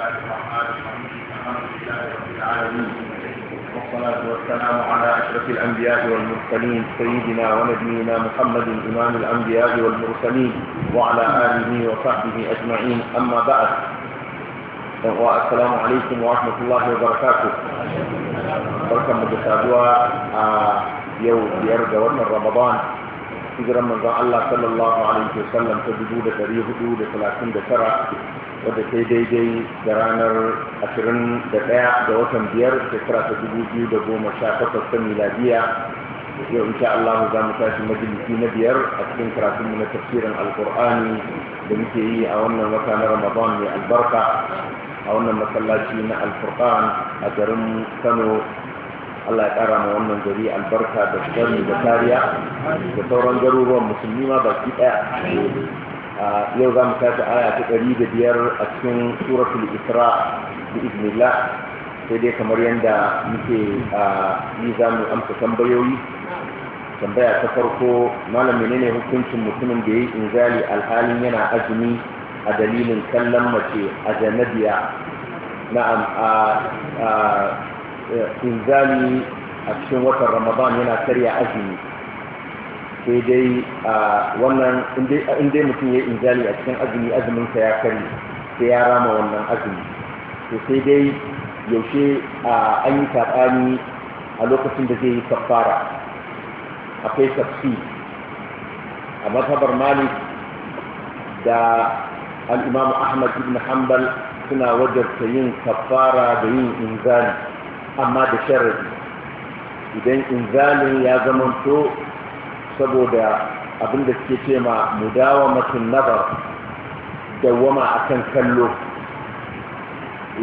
والصلاة والسلام على أشرف الأنبياء والمرسلين سيدنا ونبينا محمد إمام الأنبياء والمرسلين وعلى آله وصحبه أجمعين أما بعد السلام عليكم ورحمة الله وبركاته بركم مجسادوا آه، يوم بيرجى ومن رمضان إذا رمضان الله صلى الله عليه وسلم تجدود تريه dari ثلاثين da wadda yi daidai da ranar 21 ga watan biyar shekara ta da 2018 ta miladiya yau wuce Allah za mu tashi majalisi na biyar a cikin karatunmu na tafsirin alkur'ani da muke yi a wannan wata na ramadan mai albarka a wannan masallaci na al'kur'an a garin kano Allah ya kara ma wannan gari albarka da tsari da kariya da sauran garuruwan musulmi ma baki daya yau za mu tafi aya ta ɗari da biyar a cikin suratul isra da sai dai kamar yadda muke yi za mu amsa tambayoyi tambaya ta farko malam menene hukuncin mutumin da ya yi inzali alhalin yana azumi a dalilin kallon mace a janabiya na'am a inzali a cikin watan ramadan yana karya azumi sai dai a wannan in dai mutum ya injali a cikin azumi sa ya kari sai ya rama wannan azumi to sai dai yaushe an yi saɓani a lokacin da zai yi kafara akwai tafsi a mazhabar malik da al'imamu ahmad ibn hanbal suna wajarta yin kafara da yin inzali amma da sharadi idan inzalin ya zamanto saboda abin da suke ce ma mutum nazar dawwama akan kallo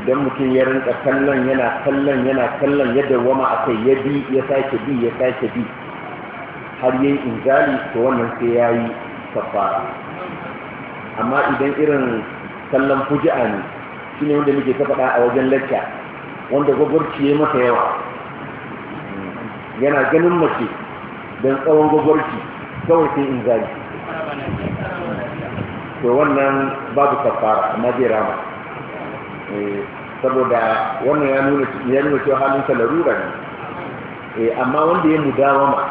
idan mutum ya rinka kallon yana kallon yana kallon ya dawwama akai ya bi ya sake bi ya sake bi har yin inzali to wannan sai yayi safara amma idan irin kallon fuji'a ne shine wanda muke ta faɗa a wajen lacca wanda gwagwarci ya masa yawa yana ganin mace don tsawon gwagwarki kawai sai in zari to wannan babu kafara amma zai rama eh, saboda wannan ya nuna ya nuna cewa halin ta larura ne eh, amma wanda ya mudawama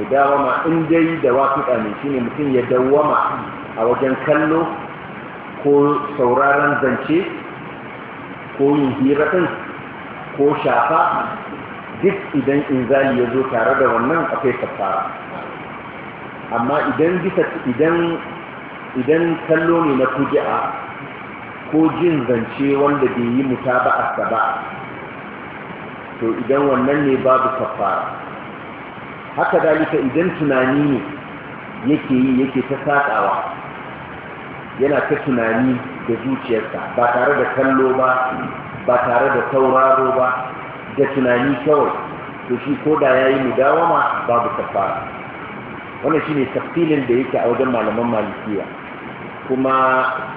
mudawama in dai da wafiƙa ne shine mutum ya dawwama a wajen kallo ko sauraron zance ko yin ɗin, ko shafa duk idan inzali ya zo tare da wannan akwai kafara amma idan bisa idan idan kallo ne na kuji'a ko jin zance wanda bai yi mutaba'a ba to idan wannan ne babu kafara haka dalika idan tunani ne yake yi yake ta sakawa yana ta tunani da zuciyarsa ba tare da kallo ba ba tare da sauraro ba da tunani kawai to shi ko da ya yi mudawama babu kafara wannan shine tafsilin da yake a wajen malaman malikiya kuma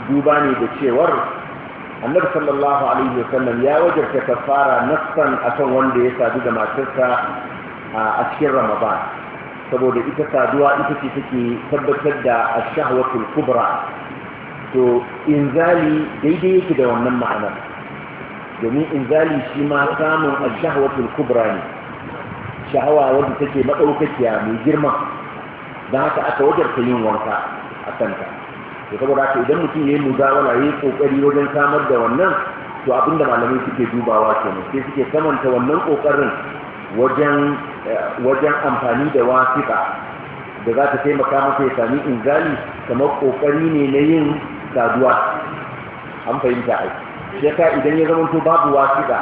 duba ne da cewar annabi sallallahu alaihi sallam ya wajarta kafara nassan akan wanda ya sadu da matarsa a cikin ramadan saboda ita saduwa ita ce take tabbatar da a shahwatul kubra to inzali daidai yake da wannan ma'anar domin inzali shi ma samun al-shahwatul kubra ne sha'awa wadda take madaukakiya mai girma dan haka aka wajarta yin wanka a kanta to saboda haka idan mutum yayi muzawala yayin kokari wajen samar da wannan to abinda malamai suke dubawa kenan sai suke samanta wannan kokarin wajen eh, wajen amfani da wasiqa da za ta taimaka masa ya sami inzali kamar kokari ne na yin saduwa an fahimta aiki yasa idan ya zama to babu wasiƙa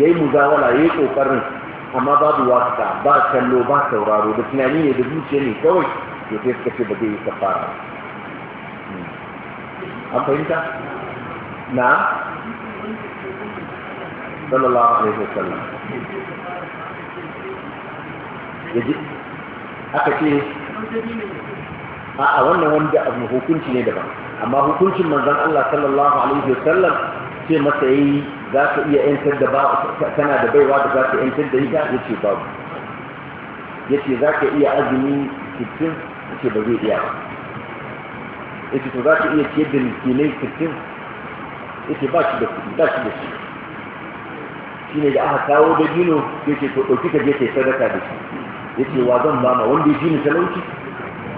yayi muzawala yayi kokarin amma babu wasiƙa ba kallo ba sauraro da tunani ne da zuciya ne kawai to sai suka ce ba zai yi kafara an fahimta na sallallahu alaihi wasallam yaji aka ce a wannan wanda abu hukunci ne daban amma hukuncin manzon Allah sallallahu alaihi wasallam ce masa yi za ka iya yantar da ba kana da baiwa da za ka yantar da ita ya ce babu ya ce za ka iya azumi sittin ya ce ba zai iya ba ya ce to za ka iya ciyar da miskinai sittin ya ce ba shi da kuɗi ba shi da shi shi ne da aka kawo da dino ya ce to ɗauki ka je ka yi sadaka da shi ya ce wa zan ba ma wanda ya ji ni talauci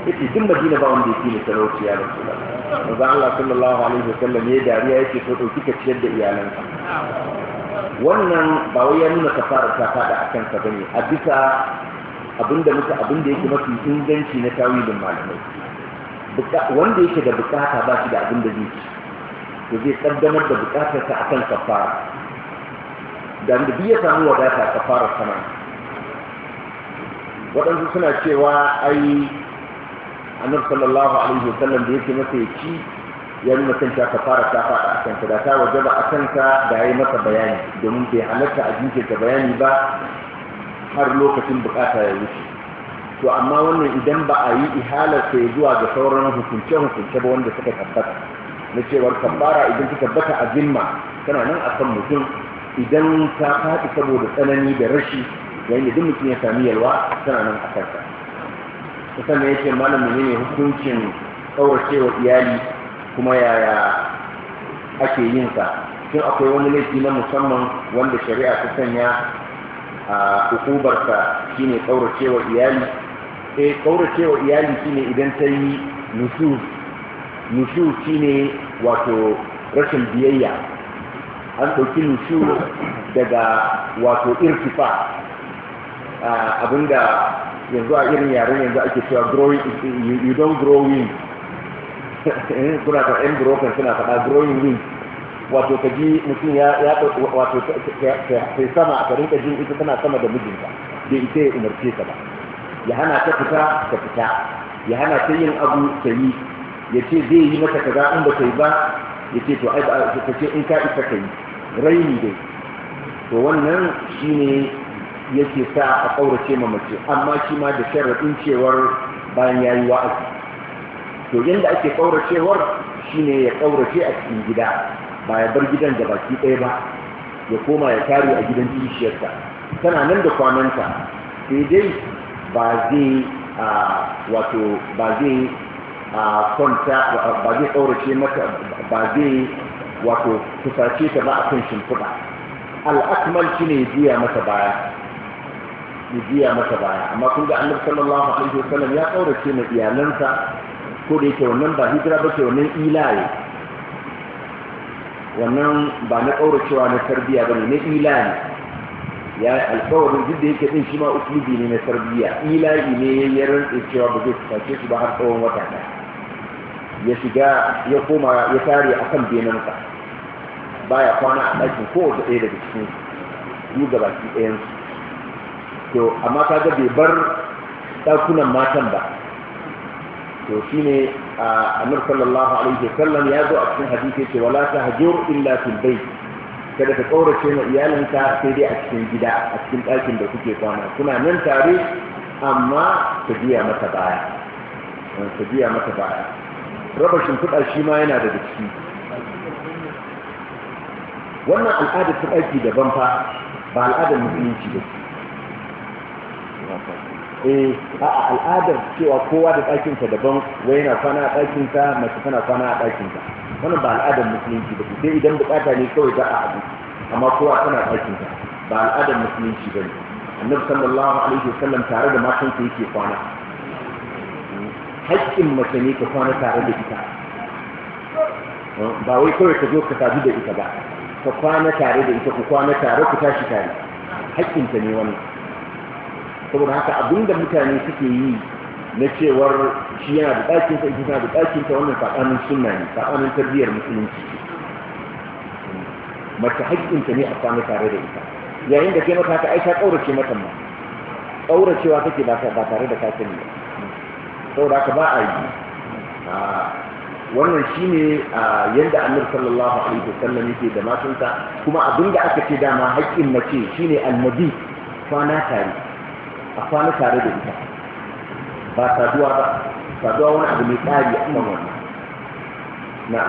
ya ce duk madina ba wanda ya ji ni talauci ya rasu Maza Allah sallallahu alaihi wasallam ya dariya ya to ɗauki ka ciyar da iyalanka wannan ba wai ya nuna kafara ta fada akan ka bane a bisa abin da muka da yake mafi inganci na tawilin malamai wanda yake da bukata ba shi da abin da zai ci to zai ƙaddamar da bukatarsa kan kafara da da biya samu wadata kafara sana waɗansu suna cewa ai annabi sallallahu alaihi wasallam da yake masa ya ci ya nuna ka ta fara ta faɗa a ba da ta ba a kanka da ya yi masa bayani domin bai halatta a jinkirta bayani ba har lokacin bukata ya wuce to amma wannan idan ba a yi ihalar sai zuwa ga sauran hukunce hukunce ba wanda suka tabbata na cewar kabbara idan ta tabbata a tana nan a kan mutum idan ta faɗi saboda tsanani da rashi yayin da duk mutum ya sami yalwa tana nan a kusan ya ce malam ne ne hukuncin kauracewa iyali kuma yaya ake yin sa shin akwai wani laifi na musamman wanda shari'a ta sanya a hukubarsa shine kauracewa iyali eh kauracewa iyali shine idan ta yi nusu nushu shine wato rashin biyayya an ɗauki nushu daga wato irtifa abinda yanzu a irin yaren yanzu ake cewa growing you don't grow wind kuna ta yan broken suna faɗa growing wind wato ka ji mutum ya ya wato yi sama a ka rinka jin ita tana sama da mijinta bai ita ya umarce ka ba ya hana ta fita ka fita ya hana ta yin abu ta yi ya ce zai yi mata kaza in ba ta yi ba ya ce to ai ba ta ce in ka isa ka yi raini dai to wannan shine yake sa a ƙaurace ma mace amma shi ma da sharaɗin cewar bayan ya yi wa'azi to yadda ake ƙauracewar shine ya ƙaurace a cikin gida ba ya bar gidan da baki ɗaya ba ya koma ya tare a gidan kishiyarsa tana nan da kwananta sai dai ba zai wato ba zai kwanta ba zai ƙaurace mata ba zai wato kusace ta ba a kan shimfiɗa al'akmal shi ne juya mata baya ya biya masa baya amma kun ga annabi sallallahu alaihi wasallam ya ce na iyalansa ko da yake wannan ba hijira ba ce wannan ilaye wannan ba na cewa na tarbiya bane na ilaye ya alƙawarin duk da yake din shi ma usulubi ne na tarbiya ilaye ne ya rantsa cewa ba zai tace shi ba har tsawon wata ɗaya ya shiga ya koma ya tare a kan benansa baya kwana a ɗakin kowace ɗaya daga cikin su gabaki ɗayansu to amma kaga bai bar ɗakunan matan ba to shine annabi sallallahu alaihi wasallam ya zo a cikin hadisi ce wala tahjur illa fil bayt kada ka kaurace ma iyalinka sai dai a cikin gida a cikin ɗakin da kuke kwana kuna nan tare amma ka biya mata baya eh, ka biya mata baya raba shimfiɗa shi ma yana da ciki wannan al'adar ta ɗaki daban fa ba al'adar musulunci ba eh a'a al'adar cewa kowa da ɗakinsa daban wai yana kwana a ɗakinsa mace tana kwana a ɗakinsa wannan ba al'adar musulunci ba sai idan bukata ne kawai za a abu amma kowa tana ɗakinsa ba al'adar musulunci ba ne annabi sallallahu alaihi wasallam tare da matansa yake kwana haƙƙin mace ne ka kwana tare da ita ba wai kawai ka zo ka sadu da ita ba ka kwana tare da ita ku kwana tare ku tashi tare haƙƙinta ne wannan saboda haka abinda mutane suke yi na cewar shi yana da ɗakinsa ita tana da ɗakinsa wannan saɓanin sunna ne saɓanin tarbiyyar musulunci mace haƙƙinta ne a sami tare da ita yayin da ke mata haka ai ta ƙaurace mata ma ƙauracewa take ba tare da ka sani ba saboda haka ba a yi wannan shi ne yadda annar sallallahu alaihi wa sallam yake da matunsa kuma abin da aka ce dama haƙƙin mace shine almadi kwana tare a kwana tare da ita ba saduwa ba saduwa wani abu mai tsari a kan wannan na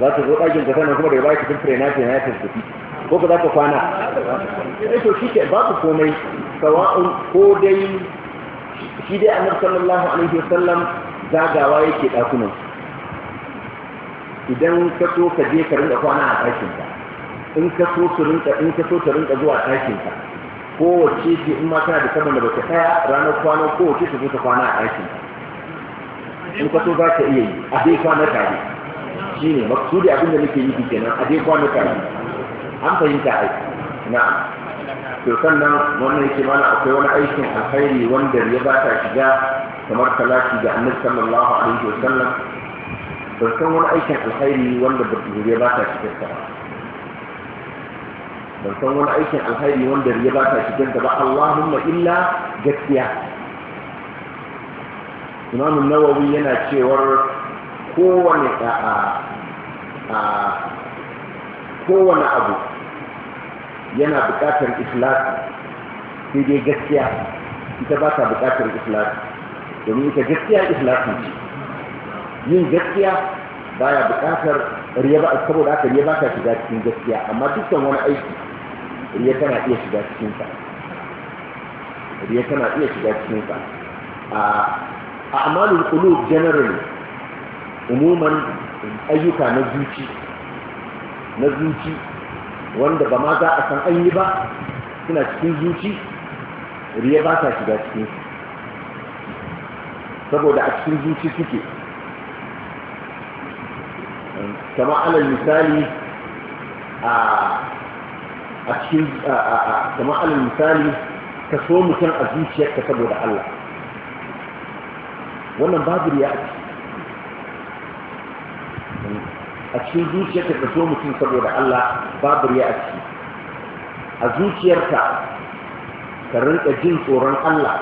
za su zo ɗakin ka sanar kuma da ba ki fifire na kenan ya ko ba za ka kwana ya eh, to shi ke ba ku komai sawa'un ko dai shi dai annabi sallallahu alaihi wasallam zagawa yake ɗakunan su idan ka so ka je ka rinka kwana a ɗakin ka in ka so su rinka in ka so ka rinka zuwa ɗakin ka kowace ce in ma kana da saman da baka tsaya ranar kwana kowace ta ce ka kwana a ɗakin ka in ka so za ka iya yi a dai kwana tare shi ne maksudi abin da nake yi kenan a dai kwana tare an fahimta ai na'am to sannan wannan yake mana akwai wani aikin alkhairi wanda ya ba ta shiga kamar talaki ga annabi sallallahu alaihi sallam ban san wani aikin alkhairi wanda riya ba ta cikin ta ban san wani aikin alkhairi wanda riya ba ta cikin ta ba Allahumma illa gaskiya Imam Nawawi yana cewar kowane a kowane abu yana buƙatar ikhlasi sai dai gaskiya ita ba ta buƙatar ikhlasi domin ita gaskiya ikhlasi ce yin gaskiya baya buƙatar riya ba saboda haka riya ba ta shiga cikin gaskiya amma dukkan wani aiki riya tana iya shiga cikin sa riya tana iya shiga cikin sa a a'malul qulub generally umuman ayyuka na zuci na zuci wanda ba ma za a san an yi ba suna cikin zuci riya ba ta shiga cikin saboda a cikin zuci suke kama alal misali a cikin kama alal misali ka so mutum a zuciyarka saboda Allah wannan babu riya a cikin zuciyarka ka so mutum saboda Allah babu ya a a zuciyarka ka rinka jin tsoron Allah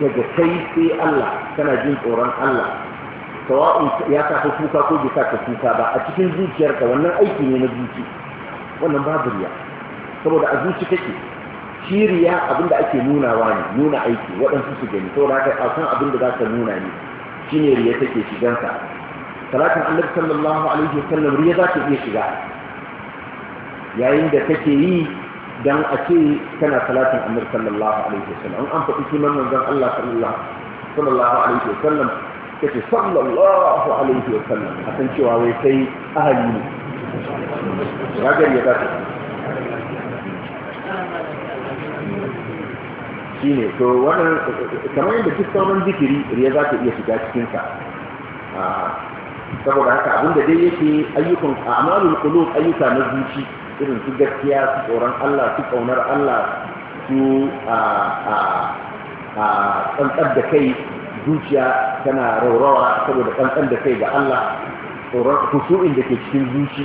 daga kai sai Allah kana jin tsoron Allah sawa'un ya sa ka kuka ko bai sa ka kuka ba a cikin zuciyarka wannan aiki ne na zuci wannan babu riya saboda a zuci kake shi riya abinda ake nunawa ne nuna aiki waɗansu su gani saboda haka a san abin da za ka nuna ne shine riya take shiganta talatin annabi sallallahu alaihi wa sallam riya za ta iya shiga yayin da take yi dan a ce kana talatin annabi sallallahu alaihi wa sallam an faɗi kiman manzon Allah sallallahu alaihi wa sallam. yake sallallahu alaihi wa sallam a san cewa wai kai ahali ne ragar ya zata shi ne to wannan kamar yadda duk sauran zikiri riya za iya shiga cikinsa saboda haka abinda dai yake ayyukan amalul qulub ayyuka na zuci irin su gaskiya su tsoron Allah su kaunar Allah su a a a tsantsar da kai zuciya tana raurawa saboda kankan da kai ga Allah kushu'in da ke cikin zuci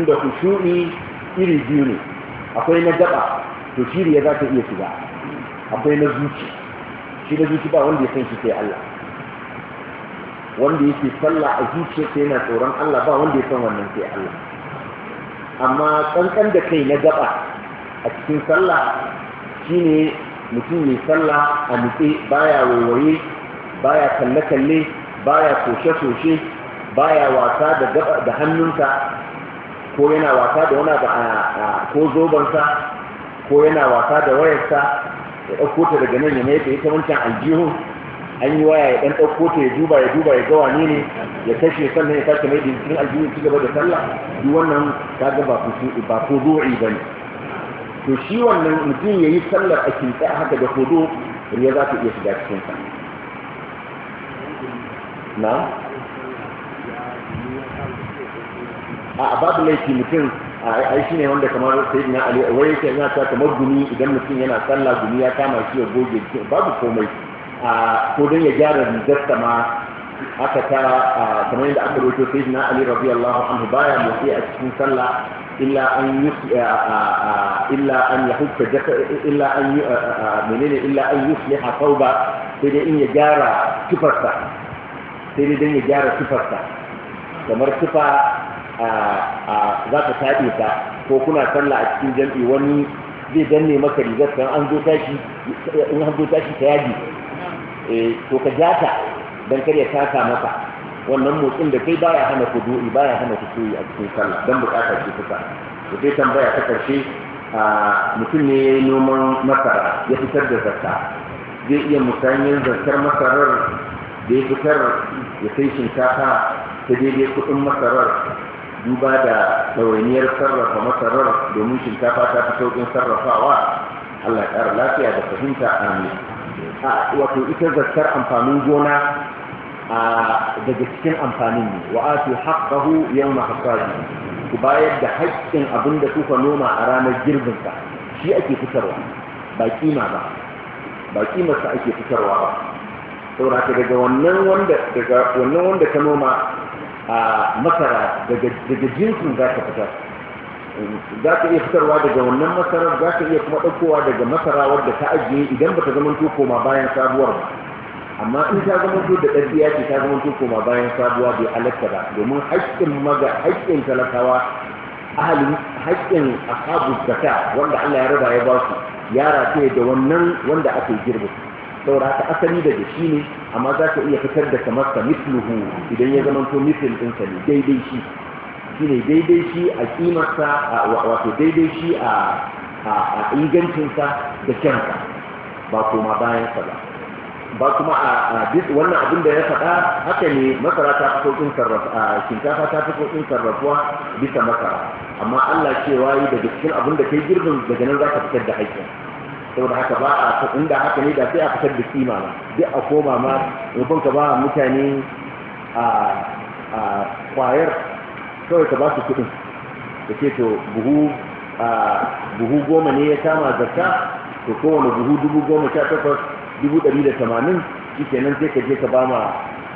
inda kushu'i iri biyu ne akwai na gaba to shiri ya za ta iya shiga akwai na zuci shi na zuci ba wanda ya san shi sai Allah wanda yake sallah a sai yana tsoron Allah ba wanda ya san wannan sai Allah amma kankan da kai na gaba a cikin sallah shine mutum mai sallah a nutse baya waiwaye baya kalle-kalle baya toshe-toshe baya wasa da hannunsa ko yana wasa da wani ko zobansa ko yana wasa da wayarsa ya ɗauko ta daga nan ya mai ta ita wancan aljihu. an yi waya ya ɗan ɗauko ta ya duba ya duba ya gawa ne ya kashe sannan ya sake mai da aljihu aljihun ci gaba da sallah duk wannan ta ga ba ko zuwa'i ba ne to shi wannan mutum ya yi sallar a kinta haka da hudu riya za ta iya shiga cikin sa na a babu laifi mutum ai shine wanda kamar sayyidina ali wai yake yana ta kamar gumi idan mutum yana sallah gumi ya kama shi ya goge babu komai a ko ya gyara rigarsa ma aka ta kamar yadda aka rubuto na ali radiyallahu anhu baya motsi a cikin sallah illa an illa an yahukka illa an menene illa an yusliha sai dai in ya gyara tufarsa sai dai ya gyara sifarsa kamar sifa za ka taɓe ta ko kuna sallah a cikin jam'i wani zai danne maka rigar kan an zo tashi in an zo tashi ta yaji eh, to ka ja ta don kar ya taka maka wannan motsin da kai baya hana ku du'i baya hana ku soyi a cikin sallah don bukatar ce fita da sai tambaya ta karshe a mutum ne ya yi noman masara ya fitar da zakka zai iya musayin zartar masarar da ya fitar ya kai shinkafa ta daidai kuɗin masarar duba da ɗawainiyar sarrafa masarar domin shinkafa ta fi sauƙin sarrafawa Allah ya ƙara lafiya da fahimta amin a wato ita zartar amfanin gona daga cikin amfanin ne wa atu haqqahu yawma ku bayar da haƙƙin abin da kuka noma a ranar girbin ka. shi ake fitarwa ba kima ba ba kima sa ake fitarwa ba saboda daga wannan wanda daga wannan wanda ka noma a masara daga daga jinsin za ka fitar za ka iya fitarwa daga wannan masara za ka iya kuma ɗaukowa daga masara wadda ta ajiye idan ba ta zama tuko ma bayan sabuwar ba amma in ta zama tuko da ɗabiya ce ta zama tuko ma bayan sabuwa bai halatta ba domin haƙƙin maga haƙƙin talakawa ahalin haƙƙin ashabu zakka wanda Allah ya raba ya ba su yara ce da wannan wanda aka yi girbi saboda haka asali daga shi ne amma za ka iya fitar da kamar sa idan ya zama to mislin ɗinsa ne daidai shi shi ne daidai shi a kimarsa wato daidai shi a ingancinsa da kyansa ba koma bayansa ba ba kuma a wannan abin da ya faɗa haka ne masara ta fi sauƙin sarrafa shinkafa ta fi sauƙin sarrafuwa bisa masara amma Allah cewa yi daga cikin abin da kai girbin daga nan za ka fitar da haƙƙin saboda haka ba a inda haka ne da sai a fitar da kima ma duk a koma ma rufin ka ba mutane a kwayar kawai ka ba su kudin da ke to buhu buhu goma ne ya kama zarta to kowane buhu dubu goma sha takwas dubu ɗari da tamanin shi nan sai ka je ka ba ma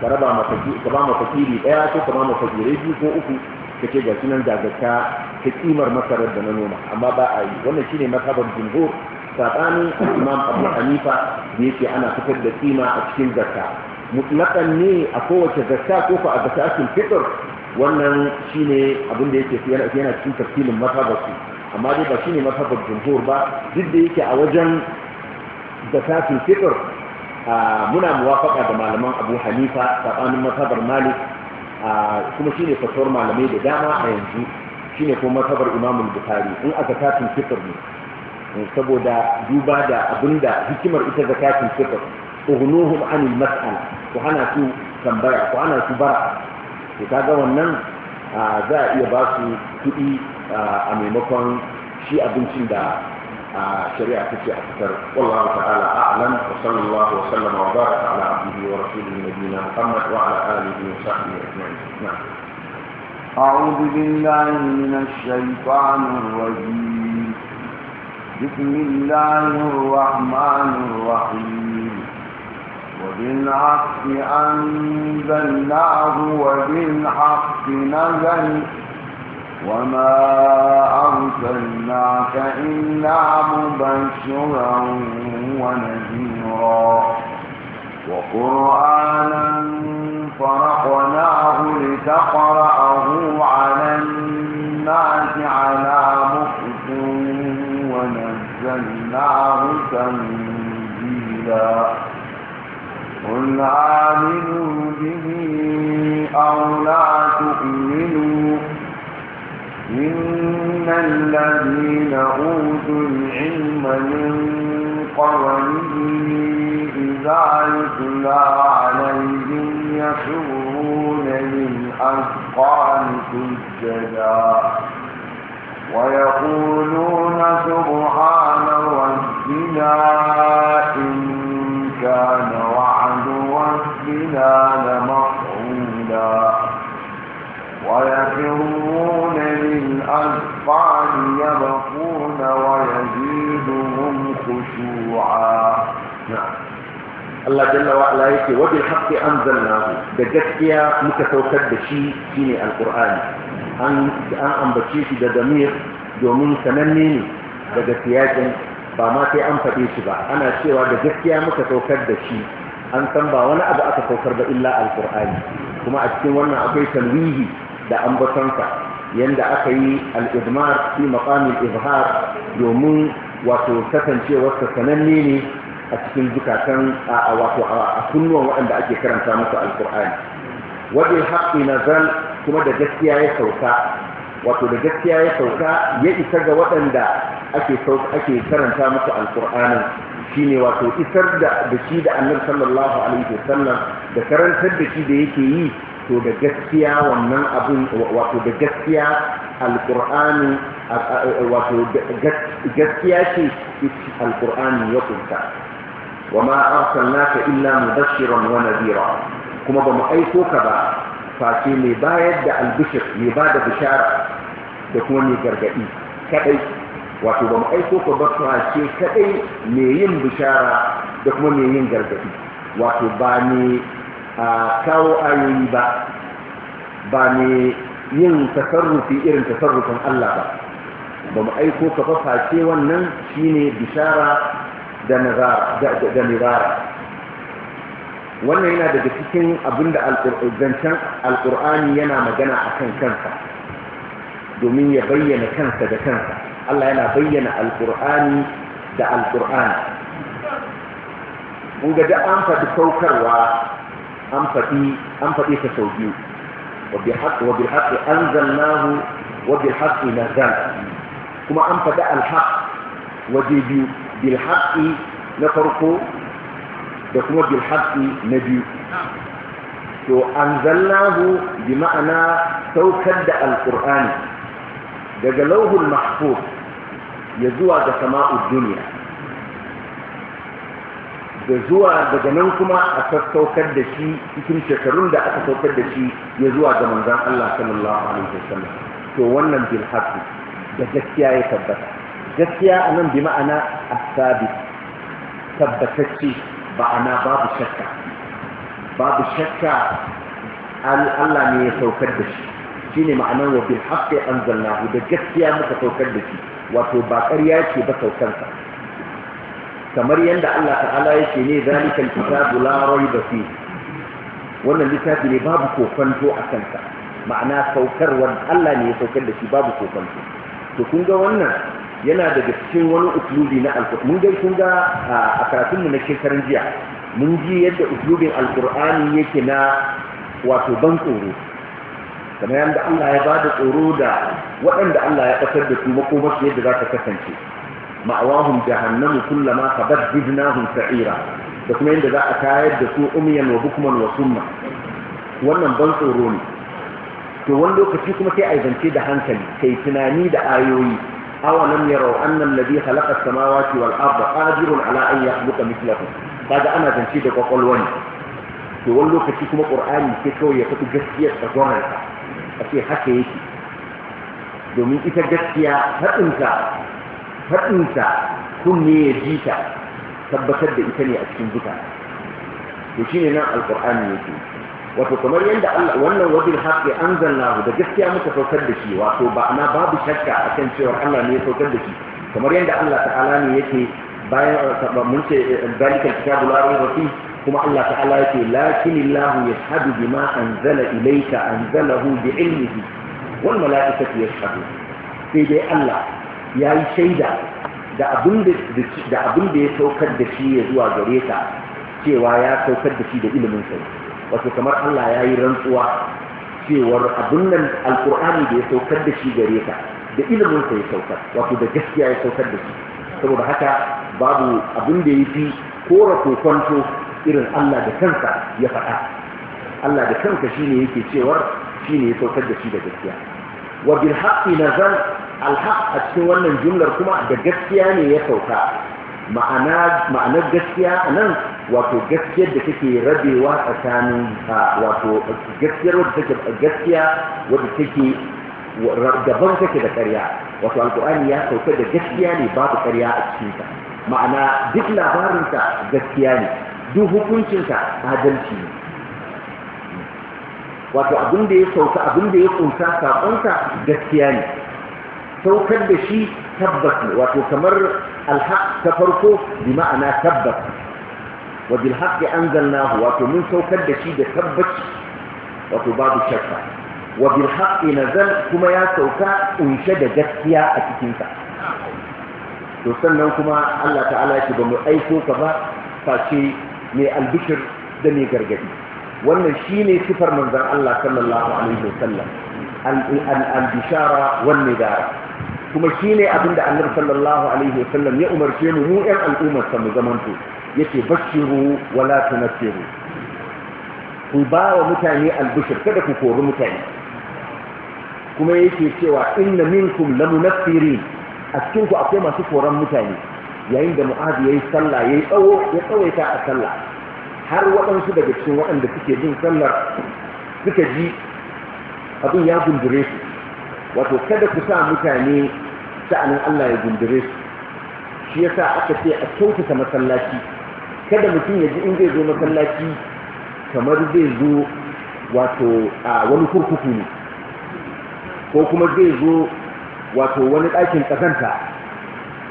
ka raba ka ba ma fakiri ɗaya ko ka ba ma fakirai biyu ko uku ka ce ga sunan da ta kimar masarar da na noma amma ba a yi wannan shine masabar jimbo. sabanin imam abu hanifa da yake ana fitar da kima a cikin zakka mutlakan ne a kowace zakka ko ko a zakatul fitr wannan shi ne da yake yana cikin tafsirin mazhabarsu amma dai ba shine mazhabar jumhur ba duk da yake a wajen zakatul fitr muna muwafaƙa da malaman abu hanifa sabanin mazhabar malik kuma ne fatawar malamai da dama a yanzu shine kuma mazhabar imamul bukhari in a zakatul fitr ne saboda duba da abinda hikimar ita zakatun fitr ugnuhum anil masal ko hana su tambaya ko hana su bara to kaga wannan za a iya ba su kudi a maimakon shi abincin da shari'a ta ce a fitar wallahu ta'ala a'lam wa sallallahu wa sallama wa baraka ala abdihi wa rasulihi nabiyina muhammad wa ala alihi wa sahbihi ajma'in na'am أعوذ بالله من الشيطان الرجيم بسم الله الرحمن الرحيم وبالحق أنزلناه وبالحق نزل وما أرسلناك إلا مبشرا ونذيرا وقرآنا فرقناه لتقرأه الأذقان سجدا ويقولون سبحان ربنا إن كان وعد ربنا لمفعولا ويفرون للأذقان يبقون ويزيدهم خشوعا Allah jalla wa ala yake wa bil haqqi anzalnahu da gaskiya muka saukar da shi shine alqur'ani an an ambace shi da damir domin sananne ne daga siyakin ba ma sai an faɗe shi ba ana cewa da gaskiya muka saukar da shi an san ba wani abu aka saukar ba illa alqur'ani kuma a cikin wannan akwai tanwihi da ambatonsa yanda aka yi al-idmar fi maqam al-izhar domin wato kasancewarsa sananne ne a cikin zukatan a wato a kunnuwan waɗanda ake karanta musu alkur'ani wajen haƙƙi na zan kuma da gaskiya ya sauka wato da gaskiya ya sauka ya isa ga waɗanda ake ake karanta musu alkur'anin shine wato isar da da shi da annabi sallallahu alaihi wasallam da karantar da shi da yake yi to da gaskiya wannan abin wato da gaskiya alkur'ani wato gaskiya ce alkur'ani ya kunta وما أرسلناك إلا مبشرا ونذيرا كما بمؤيكوك با فاتي مبايد دا البشر مبادة بشارة تكوني قرقائي كأي wato ba mu aiko ku ba ce kadai mai yin bishara da kuma mai yin gargadi wato ba ne a kawo ayoyi ba ba ne yin tasarrufi irin tasarrufin Allah ba ba mu aiko ka ba face wannan shine bishara da nizara wannan yana daga cikin abinda zancen alkur'ani yana magana a kan kansa domin ya bayyana kansa da kansa Allah yana bayyana alkur'ani da alkur'ani mun ga da an faɗi saukarwa an faɗi ta sau biyu wa bil haqqi anzalnahu wa kuma an faɗi al waje biyu bilhaƙi na farko da kuma bilhaƙi na biyu to an zallahu bi ma'ana saukar da alƙur'ani daga lauhul mahfuz ya zuwa ga sama'ud duniya da zuwa daga nan kuma a sassaukar da shi cikin shekarun da aka saukar da shi ya zuwa ga manzan Allah sallallahu alaihi wasallam to wannan bilhaƙi da gaskiya ya tabbata gaskiya a nan bi ma'ana asabi tabbatacce ba'ana babu shakka babu shakka Allah ne ya saukar da shi shi ne ma'anar wa bil an anzalnahu da gaskiya muka saukar da shi wato ba ƙarya ce ba saukansa kamar yadda Allah ta'ala yake ne zalikan kitabu la da fi wannan littafi ne babu kokonto a kansa ma'ana saukarwar Allah ne ya saukar da shi babu kokonto to kun ga wannan yana daga cikin wani uslubi na alkur'ani mun dai kun ga a karatun mu na shekaran jiya mun ji yadda uslubin alkur'ani yake na wato ban tsoro kamar yadda Allah ya bada tsoro da waɗanda Allah ya ɓatar da su makoma su yadda za ta kasance ma'awahum jahannamu kullama kabaddidnahum sa'ira da kuma yadda za a tayar da su umiyan wa bukman wa sunna. wannan ban tsoro ne to wani lokaci kuma sai a zance da hankali kai tunani da ayoyi na yarau anna alladhi khalaqa as-samawati wal arda qadirun ala an yakhluqa mithlahum kaga ana zance da kwakwalwa ne to wani lokaci kuma qur'ani sai kawai ya fito gaskiya da gwaranka a ce haka yake domin ita gaskiya haɗinta haɗinta kunne ya ji ta tabbatar da ita ne a cikin zuka to shine nan alqur'ani yake wato kamar yadda Allah wannan wajen haƙi an zanna da gaskiya muka saukar da shi wato ba na babu shakka akan cewa Allah ne ya saukar da shi kamar yadda Allah ta'ala ne yake bayan mun ce zalika kitabu la rayba fi kuma Allah ta'ala yake lakin Allah yashhadu bima anzala ilayka anzalahu bi ilmihi wal malaikatu yashhadu sai dai Allah yayi shaida da abin da da abin da ya saukar da shi ya zuwa gare ka cewa ya saukar da shi da ilimin sa wato kamar Allah ya yi rantsuwa cewar abin nan alkur'ani da ya saukar da shi gare ka da ilimin sa ya saukar wato da gaskiya ya saukar da shi saboda haka babu abin da ya fi kora kokonto irin Allah da kansa ya faɗa Allah da kansa shine yake cewar shine ya saukar da shi da gaskiya wa bil haqqi nazal al haqq a cikin wannan jumlar kuma da gaskiya ne ya sauka ma'ana ma'anar gaskiya anan wato gaskiyar da take rabewa tsakanin wato gaskiyar wadda take gaskiya wadda take daban take da ƙarya wato alƙur'ani ya sauka da gaskiya ne babu ƙarya a cikinsa ma'ana duk labarinsa gaskiya ne duk hukuncinsa adalci ne wato abin da ya sauka abin da ya kunsa saƙonsa gaskiya ne saukar da shi tabbas ne wato kamar alhaq ta farko bi ma'ana tabbas wa bil haqqi wato mun saukar da shi da tabbaci wato babu shakka wa na zan kuma ya sauka kunshe da gaskiya a cikinsa to sannan kuma Allah ta'ala ya ba mu aiko ka ba face mai albishir da mai gargadi wannan shine sifar manzon Allah sallallahu alaihi wasallam al-bishara wan kuma shi ne abinda annabi sallallahu alaihi sallam ya umarce mu mu ɗan al'ummar sa mu zamanto yake bashiru wala tunasiru ku ba wa mutane albishir kada ku kori mutane kuma yake cewa inna minkum lamunaffirin a cikin ku akwai masu koran mutane yayin da mu'azi yayi sallah yayi tsawo ya tsawaita a sallah har waɗansu daga cikin waɗanda suke jin sallar suka ji abin ya gundure su wato kada ku sa mutane sa'anan Allah ya gundure su shi sa aka ce a kyautata masallaci kada mutum ya ji in zai zo masallaci kamar zai zo wato a wani kurkuku ne ko kuma zai zo wato wani ɗakin ƙazanta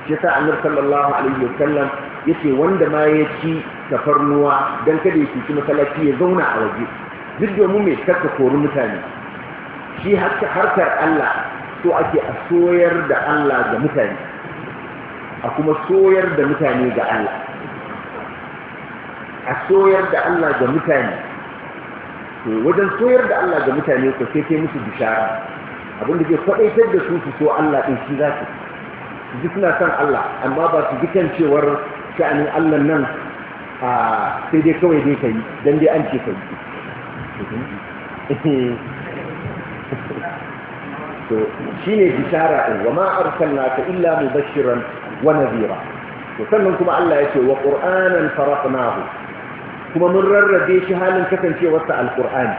shi yasa annabi sallallahu alaihi wasallam yace wanda ma ya ci tafarnuwa don kada ya ci masallaci ya zauna a waje duk domin mai karka kori mutane shi harkar Allah so ake a soyar da Allah ga mutane a kuma soyar da mutane ga Allah a soyar da Allah ga mutane to wajen soyar da Allah ga mutane ko sai kai musu bishara abinda zai kwadaitar da su su so Allah ɗin shi za su ji suna son Allah amma ba su ji cewar sha'anin Allah nan a sai dai kawai dai kai dan don dai an ce ka yi to shine bishara ɗin wa ma arsalnaka illa mubashiran wa nadhira to sannan kuma Allah ce wa qur'anan faraqnahu kuma mun rarrabe shi halin kasancewarsa alqur'ani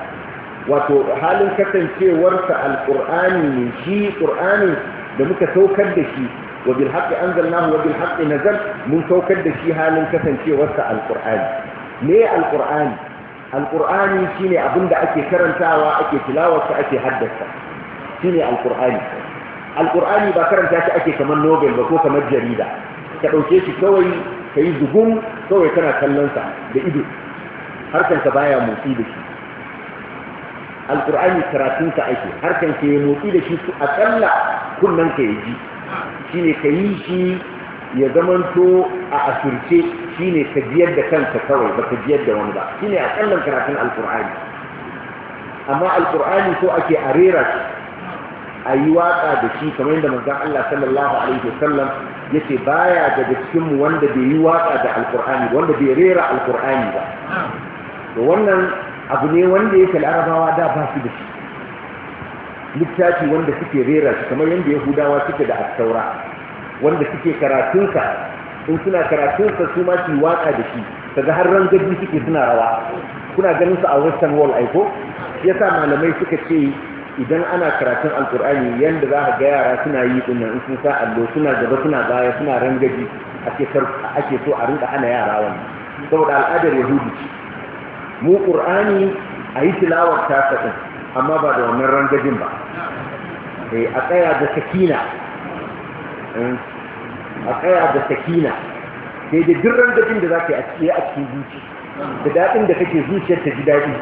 wato halin kasancewarsa alqur'ani ne shi qur'ani da muka saukar da shi wa bil haqqi anzalnahu wa bil haqqi nazal mun saukar da shi halin kasancewarsa alqur'ani me alqur'ani alqur'ani shine abinda ake karantawa ake tilawarsa ake haddasa shine alqur'ani alqur'ani ba karanta shi ake kamar novel ba ko kamar jarida ka dauke shi kawai kai zugun kawai kana kallon sa da ido harkan ka baya motsi da shi alqur'ani karatun ka ake harkan ka ya motsi da shi akalla kunnan ka yaji shine kai shi ya zamanto a asirce shine ka biyar da kanka kawai ba ka jiyar da wani ba shine akallan karatun alqur'ani amma alqur'ani ko ake arera shi a yi waƙa da shi kamar yadda manzon Allah sallallahu alaihi wasallam yace baya daga cikin wanda bai yi waƙa da alqur'ani wanda bai rera alqur'ani ba to wannan abu ne wanda yake larabawa da ba su da shi littafi wanda suke rera shi kamar yadda yahudawa suke da attaura wanda suke karatunsa in suna karatunsa su ma su yi waka da shi kaga har rangabi suke suna rawa kuna ganin su a western wall aiko yasa malamai suka ce idan ana karatun alkur'ani yadda za ka ga yara suna yi dinnan in sun sa allo suna gaba suna baya suna rangaji ake so a rinka hana yara wani saboda al'adar yahudi mu qur'ani a yi tilawar ta din amma ba da wannan rangajin ba eh, a tsaya da sakina eh, a tsaya da sakina sai da duk rangajin da za ka yi a cikin zuci da daɗin da kake zuciyar ta ji daɗi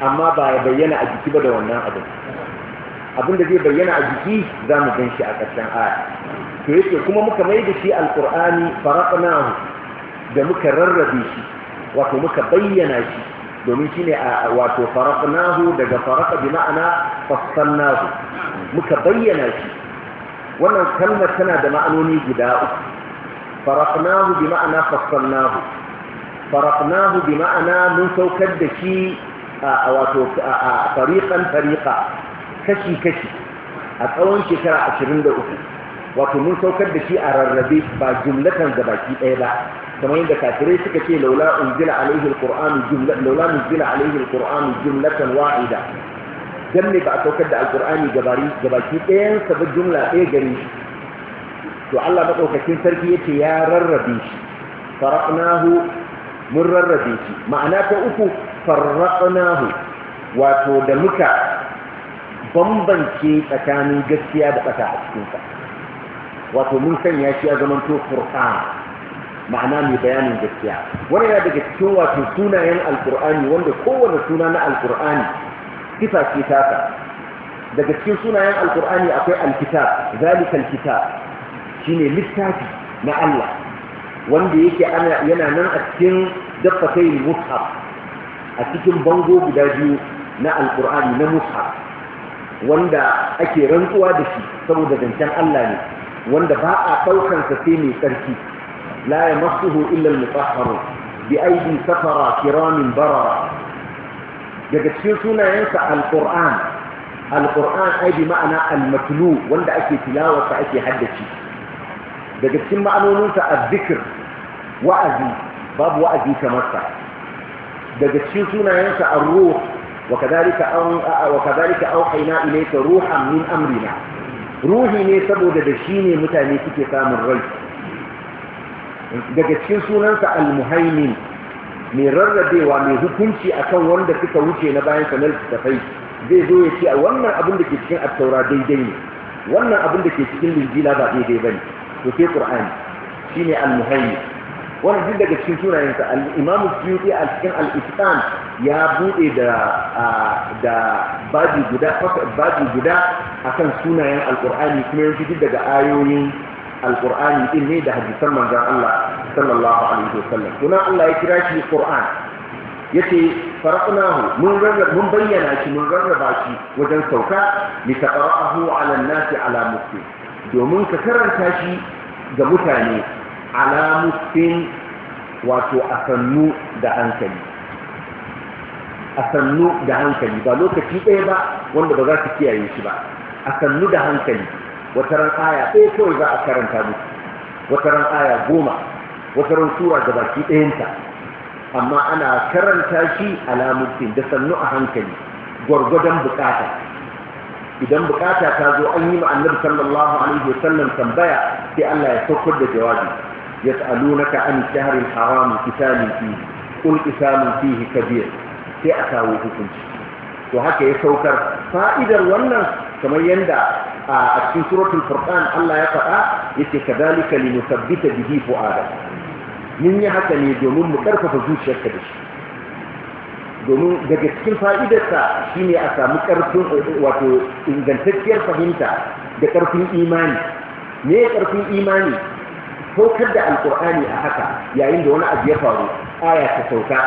amma ba ya bayyana a jiki ba da wannan abin abin da zai bayyana a jiki za mu gan shi a ƙarshen aya to yake kuma muka mai da shi alkur'ani faraqnahu da muka rarrabe shi wato muka bayyana shi domin shine a wato faraqnahu daga faraqa bi ma'ana fassalnahu muka bayyana shi wannan kalmar tana da ma'anoni guda uku faraqnahu bi ma'ana fassalnahu faraqnahu bi ma'ana mun saukar da shi a wato a fariƙan fariƙa kashi-kashi a tsawon shekara 23 wato mun saukar da shi a rarrabe ba jumlatan da baki ɗaya ba kamar yadda kafirai suka ce laula unzila alaihi alqur'anu jumlatan laula unzila alaihi alqur'anu jumlatan wa'ida dan ne ba a saukar da alqur'ani gabari gabaki ɗayan sa ba jumla ɗaya gare shi to Allah madaukakin sarki yace ya rarrabe shi farqnahu mun rarrabe shi ma'ana ta uku farraqnahu wato da muka bambance tsakanin gaskiya da ƙasa a cikin sa wato mun sanya shi ya zama to qur'an ma'ana mai bayanin gaskiya wannan yana daga cikin wato sunayen alqur'ani wanda kowane suna na alqur'ani kifa ce ta daga cikin sunayen alqur'ani akwai alkitab zalikal kitab shine littafi na Allah wanda yake ana yana nan a cikin daffatai mushaf a cikin bango guda biyu na alqur'ani na mushaf wanda ake rantsuwa da shi saboda zancen Allah ne wanda ba a daukan sa sai mai tsarki la yamassuhu illa al-mutahharun bi aidi safara kiramin barara daga cikin sunayensa alqur'an alqur'an ai bi ma'ana al-matlu wanda ake tilawarsa ake haddace daga cikin ma'anoninsa zikir wa'azi babu wa'azi kamar sa daga cikin sunayensa a ruh wa kadhalika an wa kadhalika ruhan min amrina ruhi ne saboda da shi ne mutane suke samun rai daga cikin sunansa al-muhaimin mai rarrabewa mai hukunci akan wanda suka wuce na bayan sanar tafai zai zo ya ce wannan abin da ke cikin attaura daidai ne wannan abin da ke cikin linjila ba daidai bane da ke qur'ani shine al-muhayyi wannan duk daga cikin sunayensa al-imam suyuti al-itqan ya bude da da baji guda baji guda akan sunayen al-qur'ani kuma yanzu duk daga ayoyin al-qur'ani din ne da hadisan manzon Allah sallallahu alaihi Allah ya kira shi qur'an Ya ce, mun mun bayyana shi mun rarraba shi wajen sauka li taqra'ahu 'ala an-nasi 'ala mukmin domin ka karanta shi ga mutane alamusin wato a sannu da hankali a sannu da hankali ba lokaci ɗaya ba wanda ba za su kiyaye shi ba a sannu da hankali wataran aya ɗaya kawai za a karanta musu wataran aya goma wataran sura da baki ɗayanta amma ana karanta shi alamusin da sannu a hankali gwargwadon bukata idan bukata ta zo an yi ma annabi sallallahu alaihi wasallam tambaya sai Allah ya saukar da jawabi yas'alunaka an shahril haram qitalin fihi qul qitalun fihi kabir sai a kawo hukunci to haka ya saukar fa'idar wannan kamar yanda a cikin suratul furqan Allah ya faɗa yace kadalika linusabbita bihi fu'ada mun yi haka ne domin mu karfafa zuciyarka da shi domin daga cikin fa'idarsa ne a samu ƙarfin wato ingantacciyar fahimta da ƙarfin imani me ƙarfin imani saukar da alƙur'ani a haka yayin da wani abu ya faru aya ta sauka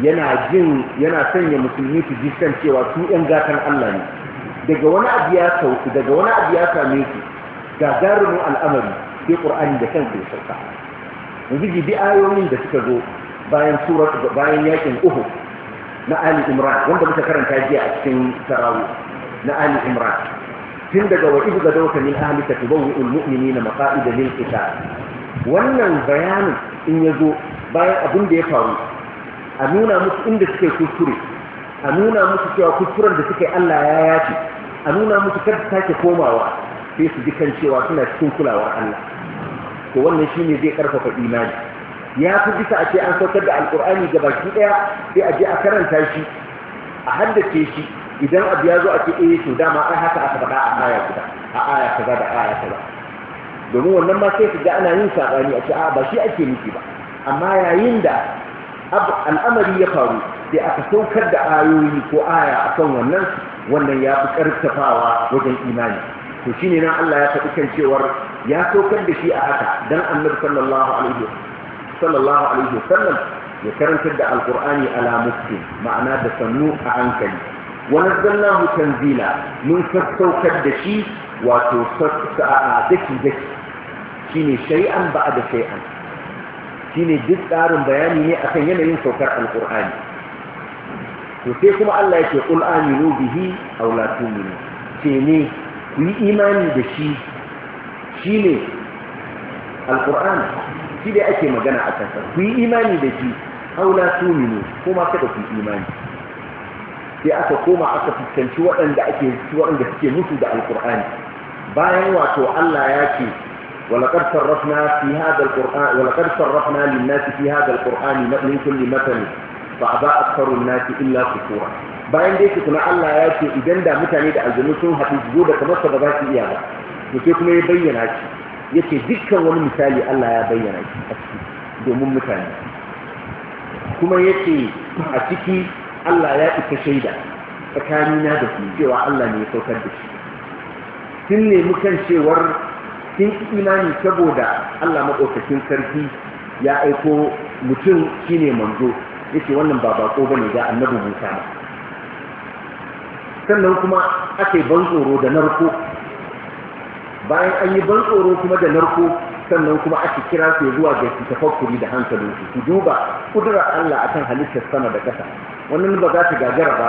yana jin yana sanya musulmi su ji san cewa su ɗan gatan Allah ne daga wani abu ya sauki daga wani abu ya same su gagarumin al'amari sai ƙur'ani da kan sai sauka yanzu jibi ayoyin da suka zo bayan surat bayan yakin Uhud na ali imran wanda muka karanta jiya a cikin tarawih na ali imran tun daga wa ibu gadauka min ahlika tubawwi'ul na maqa'ida lil qital wannan bayanin in yazo bayan abin da ya faru a nuna musu inda suke kuskure a nuna musu cewa kuskuren da suke Allah ya yafi a nuna musu kar su sake komawa sai su ji kan cewa suna cikin kulawar Allah to wannan shine zai karfafa imani ya fi bisa a ce an saukar da alkur'ani ga baki daya sai a je a karanta shi a haddace shi idan abu ya zo a ce eh to dama ai haka aka faɗa a aya guda a aya kaza da aya kaza domin wannan ma sai ga ana yin sabani a ce a ah, ba shi ake nufi ba amma yayin da al'amari ya faru sai aka saukar da ayoyi ko aya akan wannan wannan ya fi karfafawa wajen imani to shine nan Allah ya faɗi kan cewar ya saukar da shi a haka dan annabi sallallahu alaihi wasallam sallallahu alaihi wasallam ya karantar da alqur'ani ala muslim ma'ana da sannu a hankali wa nazzalnahu tanzila mun sassaukar da shi wato sassa'a daki daki shine shay'an da shay'an shine duk tsarin bayani ne akan yanayin saukar alqur'ani to sai kuma Allah ke qul aminu bihi aw la tu'minu ce ne ku yi imani da shi shine alqur'ani shi dai ake magana a kansa ku yi imani da shi aula tuminu kuma kada ku yi imani sai aka koma aka fuskanci waɗanda ake waɗanda suke mutu da alkur'ani bayan wato Allah ya ce ولقد صرفنا في هذا القرآن ولقد صرفنا للناس في هذا القرآن من كل مثل فأبى أكثر الناس illa كفورا bayan dai kuma Allah ya ce idan da mutane da aljanu sun haɗu go da kamar sa ba za su iya ba to sai kuma ya bayyana shi Yake dukkan wani misali Allah ya bayyana shi a ciki domin mutane kuma yake a ciki Allah ya isa shaida tsakani na da su, cewa Allah ne ya saukar da shi sun nemi kan cewar sun imani saboda Allah maɗaukakin sarki ya aiko mutum shine manzo yake wannan ba bako bane ga annabi Musa sannan kuma ake ban tsoro da narko bayan an yi ban tsoro kuma da narko sannan kuma ake kira su zuwa ga su tafakkuri da hankalin su su duba kudurar Allah akan halittar sama da ƙasa wannan ba za ta gagara ba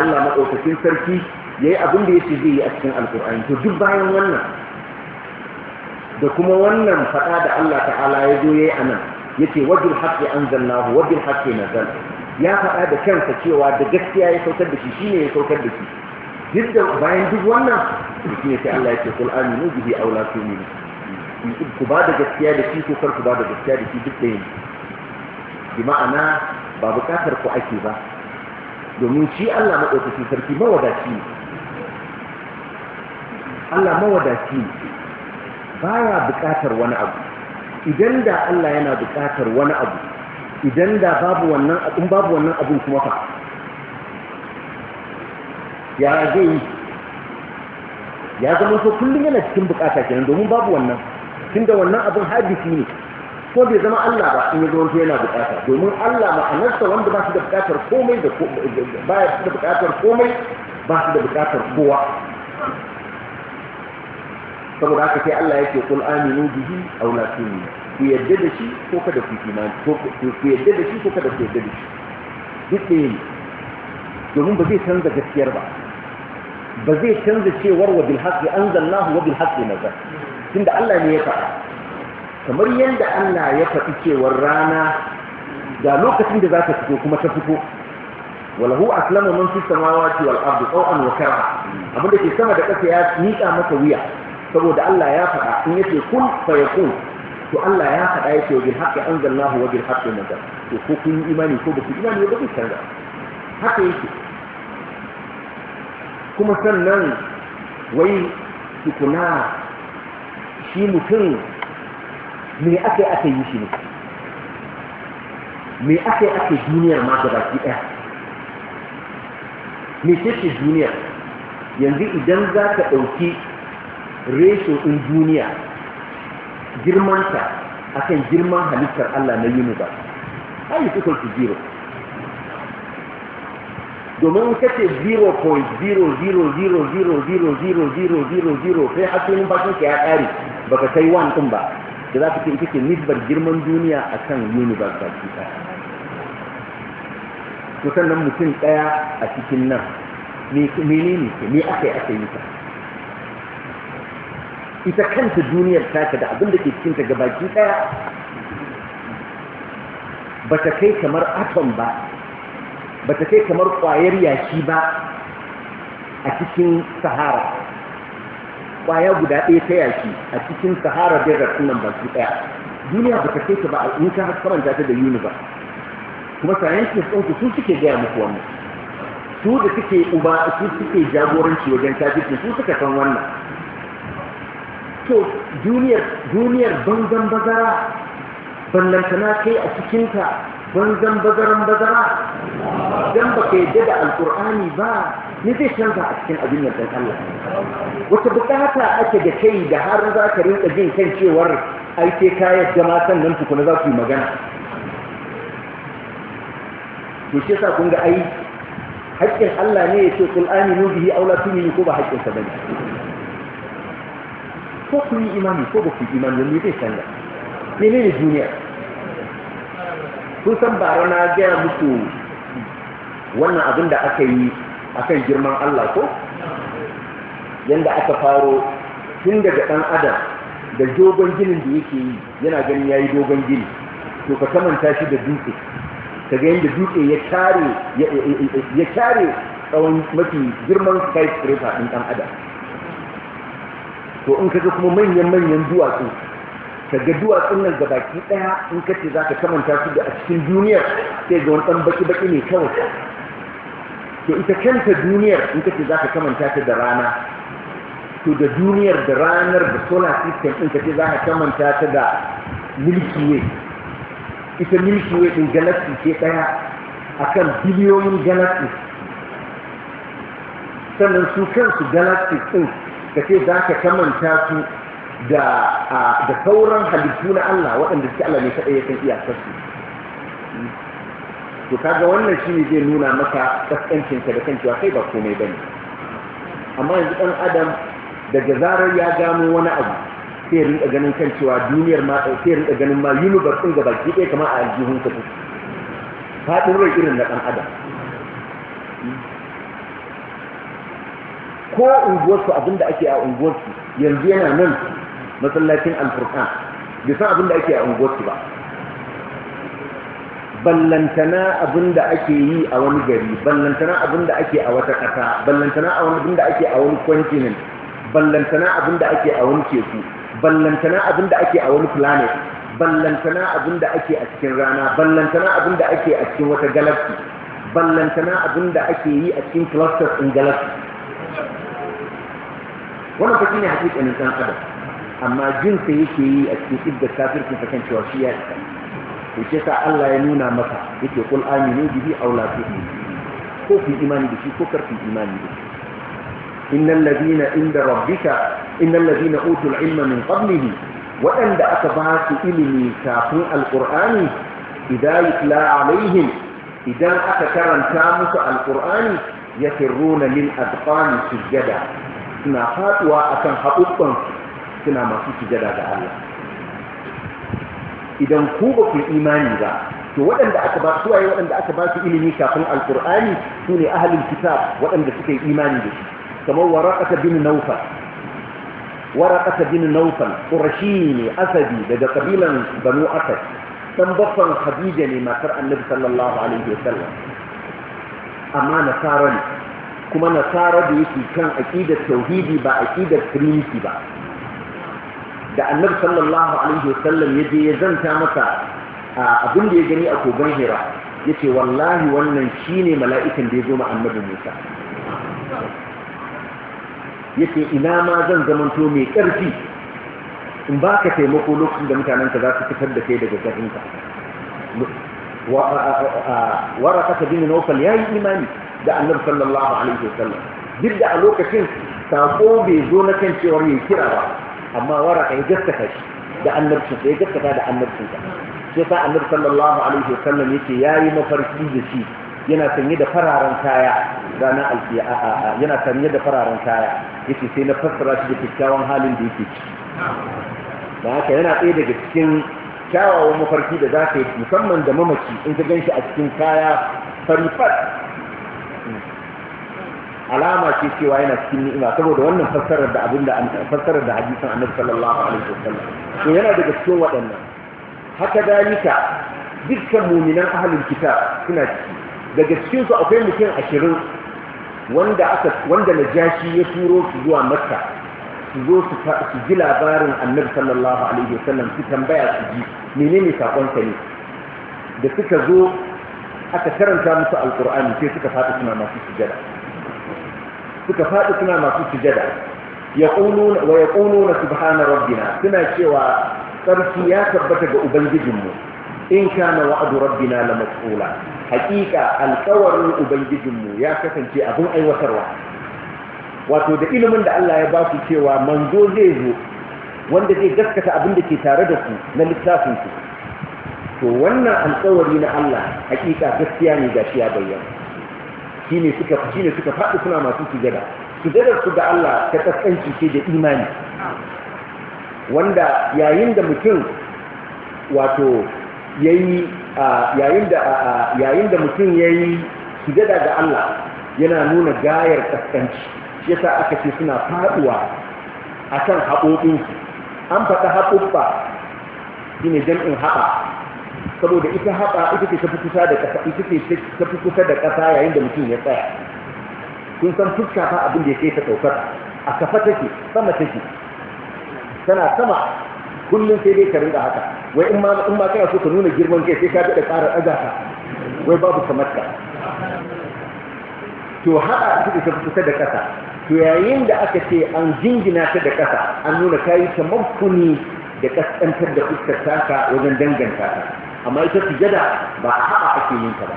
Allah maɗaukakin sarki yayi abin da yake zai yi a cikin alkur'ani to duk bayan wannan da kuma wannan faɗa da Allah ta'ala ya zo yayi anan yace wajil haqqi wajen haƙƙi na nazal ya faɗa da kansa cewa da gaskiya ya saukar da shi shine ya saukar da shi duk da bayan duk wannan shi ne sai Allah ya ce kul aminu bihi aw la tu'minu ku ba da gaskiya da shi ko kar ku ba da gaskiya da shi duk da yin bi ma'ana ba bukatar ku ake ba domin shi Allah madaukakin sarki mawadaci ne Allah mawadaci ne baya bukatar wani abu idan da Allah yana bukatar wani abu idan da babu wannan in babu wannan abun kuma fa ya zai ya zama so kullum yana cikin bukata kenan domin babu wannan da wannan abin hadisi ne ko bai zama Allah ba in ya zama yana bukata domin Allah ma'anarsa wanda ba shi da bukatar komai da ba shi da bukatar komai ba shi da bukatar kowa saboda haka sai Allah yake kul aminu bihi aw la tu'minu ku yadda da shi ko kada ku imani ko ku yadda da shi ko kada ku yadda da shi duk ne domin ba zai canza gaskiyar ba ba zai canza cewar wa bil haqqi anzalnahu wa na haqqi Tun da Allah ne ya faɗa kamar yadda Allah ya faɗi cewar rana ga lokacin da za ka fito kuma ta fito walahu aslama man fi samawati wal ardi taw'an wa karaha abin da ke sama da ƙasa ya miƙa masa wuya saboda Allah ya faɗa in ya ce kun faya kun, to Allah ya faɗa ya ce wa bil haqqi anzalnahu wa bil haqqi nazal to ko kun imani ko ba ku imani ba ku canza haka yake kuma sannan wai tukuna shi mutum me aka yi aka yi shi ne me aka yi aka duniyar ma da baki ɗaya me ce ce duniyar yanzu idan za ka ɗauki reshe in duniya girmanta akan girman halittar Allah na mu ba ayi kuka ku jiro domin kace 0.000000000 sai hasilin bashin ka ya kare baka kai 1 din ba da za ka ce ita ce nisbar girman duniya a kan universe baki ɗaya to sannan mutum ɗaya a cikin nan mene ne ce me aka yi aka yi ta ita kanta duniyar taka da abin da ke cikin ta gabaki ɗaya ba ta kai kamar atom ba ba ta kai kamar ƙwayar yashi ba a cikin sahara ƙwaya guda ɗaya ta yashi a cikin sahara desert nan su ɗaya duniya ba ta kai ta ba in har saman ta da ba kuma scientists sun su suke gaya muku wannan su da suke uba su suke jagoranci wajen tafiye su suka san wannan to duniyar duniyar banzan bazara ballantana kai a cikinta don zan bazaran bazara don ba ka yadda da alkur'ani ba ni zai canza a cikin abin yadda dan Allah wata bukata ake da kai da har za ka rinka jin kan cewar ai sai ka yadda ma sannan tukuna za ku yi magana to shi yasa kun ga ai haƙƙin Allah ne ya ce kul aminu bihi aula la tuminu ko ba haƙƙin sa bane ko ku yi imani ko ba ku yi imani ne zai canza menene duniya Sun san bara na gaya musu wannan abin da aka yi a kan girman Allah ko Yadda aka faro tun daga ɗan adam da dogon ginin da yake yi yana ganin yi dogon gini to ka kamanta shi da dutse ka ga yadda dutse ya kare tsawon mafi girman skyscraper ɗin ɗan adam to in ka ga kuma manyan manyan duwatsu ka ga duwatsun nan baki daya in ka ce za ka kamanta su da a cikin duniyar sai ga wani baki-baki ne kawai to ita kanta duniyar in ka ce za ka kamanta ta da rana to da duniyar da ranar da solar system in ka ce za ka kamanta ta da milky way ita milky way din galaxy ke ɗaya akan biliyoyin galaxy sannan su kansu galaxy ɗin ka ce za ka kamanta su da sauran halittu na Allah waɗanda suke Allah ne kaɗai ya san iyakarsu to kaga wannan shi ne zai nuna maka kaskancinka da kan cewa kai ba komai bane amma yanzu ɗan adam daga zarar ya gano wani abu sai rinka ganin kan cewa duniyar ma sai rinka ganin ma universe ɗin gaba ki kama a aljihun ka take faɗin rai irin na ɗan adam ko unguwarsu abinda ake a unguwarsu yanzu yana nan masallacin alfurkan bai san abin da ake a unguwarsu ba ballantana abin da ake yi a wani gari ballantana abin da ake a wata ƙasa ballantana abin da ake a wani continent ballantana abin da ake a wani teku ballantana abin da ake a wani planet ballantana abin da ake a cikin rana ballantana abin da ake a cikin wata galaxy ballantana abin da ake yi a cikin clusters in galaxy wannan fa shine hakikanin dan adam amma jinsa sa yake yi a cikin idda kafirci ta kan cewa shi ya isa to ce sa Allah ya nuna maka yake kul aminu bihi aw la tu'minu ko fi imani da shi ko karfi imani da shi innal ladina inda rabbika innal ladina utul ilma min qablihi waɗanda aka ba su ilimi kafin alqur'ani idan yutla alaihim idan aka karanta musu alqur'ani yakirruna lil adqani sujada suna faduwa akan haɓuɓɓansu suna masu sujada ga Allah idan ku ba ku imani ba to waɗanda aka ba su waye waɗanda aka ba su ilimi kafin Alkur'ani su ne ahalin kitab waɗanda suka yi imani da shi kamar waraqata bin nawfal waraqata bin qurashi ne asabi daga kabilan banu asad dan baffan khadija ne matar annabi sallallahu alaihi wasallam amma nasara ne kuma nasara da yake kan aqidar tauhidi ba aqidar trinity ba da annabi sallallahu alaihi wasallam ya je ya zanta masa abin da ya gani a kogon hira ya ce wallahi wannan shi ne mala'ikan da ya zo ma musa ya ce ina ma zan zamanto mai ƙarfi in ba ka taimako lokacin da ka za su fitar da kai daga garinka waraka ta bin ya yi imani da annabi sallallahu alaihi wasallam duk da a lokacin sako bai zo na kan cewar yin kira ba amma waraka ya gaskata shi da annabcinsa ya gaskata da ka. sai sa annabi sallallahu alaihi wasallam yake yayi mafarki da shi yana sanye da fararen kaya ranar alfiya yana sanye da fararen kaya yake sai na fassara shi da kyakkyawan halin da yake ciki da haka yana ɗaya daga cikin kyawawan mafarki da za ka yi musamman da mamaci in ka gan shi a cikin kaya farifat alama ce cewa yana cikin ni'ima saboda wannan fassarar da abin da fassarar da hadisin annabi sallallahu alaihi wasallam to yana daga cikin waɗannan haka dalika dukkan mu'minan ahlul kitab suna ciki daga cikin su akwai mutum ashirin wanda aka wanda najashi ya turo su zuwa makka su zo su ji labarin annabi sallallahu alaihi wasallam su tambaya su ji menene sakon sa ne da suka zo aka karanta musu alqur'ani sai suka fada suna masu sujada suka faɗi suna masu sujada ya ƙuno na subhana rabbina suna cewa sarki ya tabbata ga ubangijinmu in kana wa'adu rabbina na mas'ula Haƙiƙa alkawarin ubangijinmu ya kasance abin aiwatarwa wato da ilimin da Allah ya ba su cewa manzo zai zo wanda zai gaskata abin da ke tare da su na littafin su to wannan alƙawari na Allah haƙiƙa gaskiya ne gashi ya bayyana shine suka shine suka faɗi suna masu sujada Sujada su ga Allah ta kaskanci ce da imani wanda yayin da mutum wato yayi yayin da yayin da mutum yayi sujada ga Allah yana nuna gayar kaskanci shi yasa aka ce suna faduwa akan su. an faɗa haƙoƙa shine jam'in haɓa saboda ita haɓa ita ce ta kusa da ƙasa ita ce ta kusa da ƙasa yayin da mutum ya tsaya kun san fuska fa abin da yake ta ɗaukar, a kafa take sama take tana sama kullum sai dai ka rinka haka wai in ma in ma kana so ka nuna girman kai sai ka da ƙara ɗaga ka wai babu kamar ka to haɗa ita ce ta kusa da ƙasa to yayin da aka ce an jingina ta da ƙasa an nuna kayi ta mafuni da kaskantar da fuskar taka wajen danganta ta amma ita sujada ba a haɓa ake yin ta ba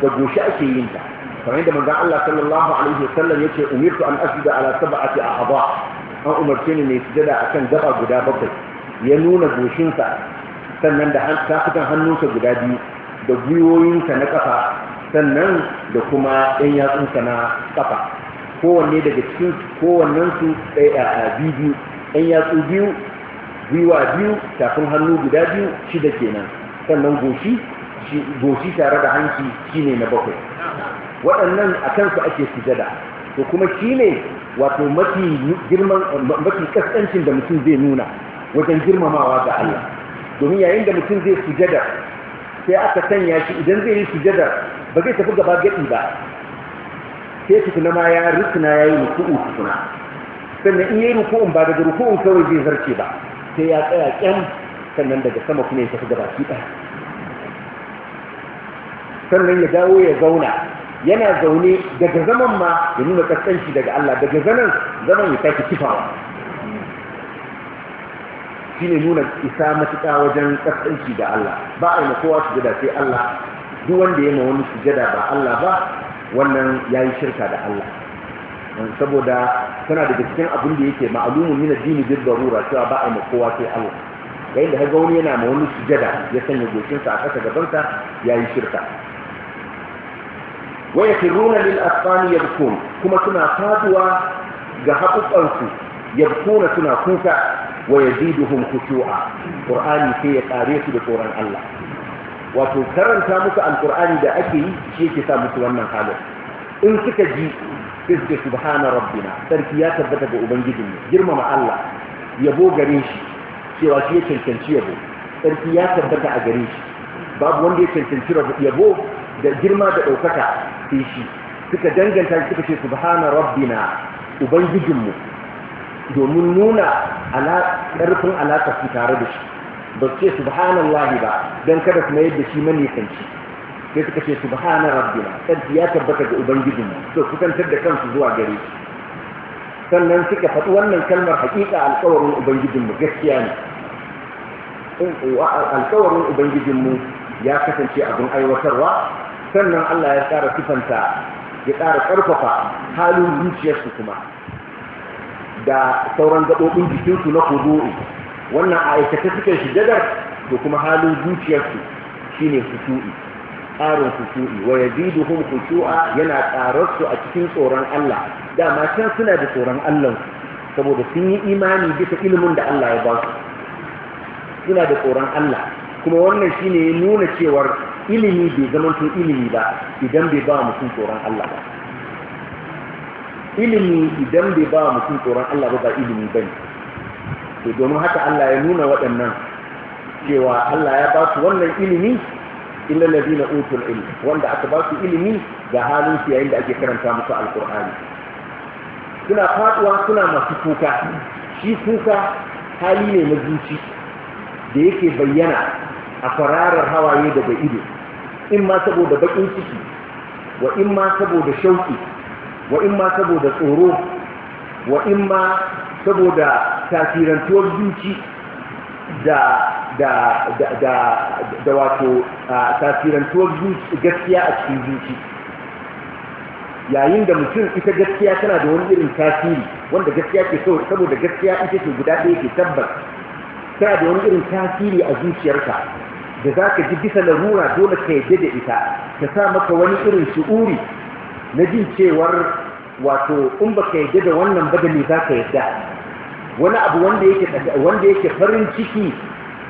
da goshi ake yin ta kamar yadda manzon Allah sallallahu alaihi sallam yace umirtu an asjuda ala sab'ati a'dha an umarce ni ne sujada akan gaba guda bakwai ya nuna goshinsa sannan da tafukan hannunsa guda biyu da gwiwoyinsa na kafa sannan da kuma ɗan yatsunsa na kafa kowanne daga cikin kowannensu ɗaya biyu ɗan yatsu biyu gwiwa biyu tafin hannu guda biyu shida kenan sannan goshi goshi tare da hanci shine na bakwai waɗannan a kansu ake sujada to kuma shine wato mafi girman mafi kaskancin da mutum zai nuna wajen girmamawa ga Allah domin yayin da mutum zai sujada sai aka sanya shi idan zai yi sujada ba zai tafi gaba gaɗi ba sai su ma ya rukuna ya yi ruku'u kuma sannan in yi ruku'un ba daga ruku'un kawai zai zarce ba sai ya tsaya kyan sannan daga sama kuma ya tafi gabaki ɗaya sannan ya dawo ya zauna yana zaune daga zaman ma ya nuna kaskanci daga Allah daga zanen zaman ya sake kifawa shi ne nuna isa matuƙa wajen kaskanci da Allah ba a yi su gada sai Allah duk wanda ya ma wani gada ba Allah ba wannan ya yi shirka da Allah saboda tana daga cikin abin da yake ma'alumin min addini jirgin ruwa, cewa ba a yi kowa sai Allah yayin da haga wani yana ma wani sujada ya sanya dokinsa a ƙasa gabansa ya yi shirka waya firuna lil asfani yabkun kuma suna faduwa ga haƙuƙansu bukuna suna kuka wa yaziduhum khushu'a ƙur'ani sai ya kare su da tsoron Allah wato karanta musu Alkur'ani da ake yi shi yake sa musu wannan halin in suka ji sai subhana rabbina sarki ya tabbata ga ubangijinmu girmama Allah yabo gare shi cewa shi ya cancanci yabo sarki ya tabbata a gare shi babu wanda ya cancanci yabo da girma da ɗaukaka sai shi suka danganta suka ce subhana rabbina ubangijinmu domin nuna ƙarfin alaƙa su tare da shi ba su ce subhanallahi ba don kada su mayar da shi manisanci sai suka ce subhana rabbina sarki ya tabbata ga ubangijinmu su kusantar da kansu zuwa gare shi sannan suka faɗi wannan kalmar haƙiƙa alƙawarin ubangijinmu gaskiya ne alƙawarin ubangijinmu ya kasance abin aiwatarwa sannan Allah ya ƙara sifanta ya ƙara ƙarfafa halin zuciyarsu kuma da sauran gaɓoɓin jikinsu na hudu'u wannan a aikata suke shi dadar da kuma halin zuciyarsu shine fusu'i ƙarin fusu'i wa yaziduhum khushu'a yana ƙararsu a cikin tsoron Allah dama can suna da tsoron Allah saboda sun yi imani bisa ilimin da Allah ya ba su suna da tsoron Allah kuma wannan shine ya nuna cewar ilimi bai zama tun ilimi ba idan bai ba mutum tsoron Allah ba ilimi idan bai ba mutum tsoron Allah ba ba ilimi bane to domin haka Allah ya nuna waɗannan cewa Allah ya ba su wannan ilimi illa ladina utul ilm wanda aka ba su ilimi ga halin su yayin da ake karanta musu alqur'ani suna faduwa suna masu kuka shi kuka hali ne na zuci da yake bayyana a fararar hawaye daga ido in ma saboda bakin ciki wa in ma saboda shauki wa in ma saboda tsoro wa in ma saboda tasirantuwar zuci da da da da wato tasirantuwar gaskiya a cikin zuci yayin da mutum ita gaskiya tana da wani irin tasiri wanda gaskiya ke so saboda gaskiya ita ce guda ɗaya ke tabbas tana da wani irin tasiri a zuciyarka da za ka ji bisa larura dole ka yadda da ita ka sa maka wani irin shi'uri na jin cewar wato in ba ka yadda da wannan ba da me za ka yadda wani abu wanda yake farin ciki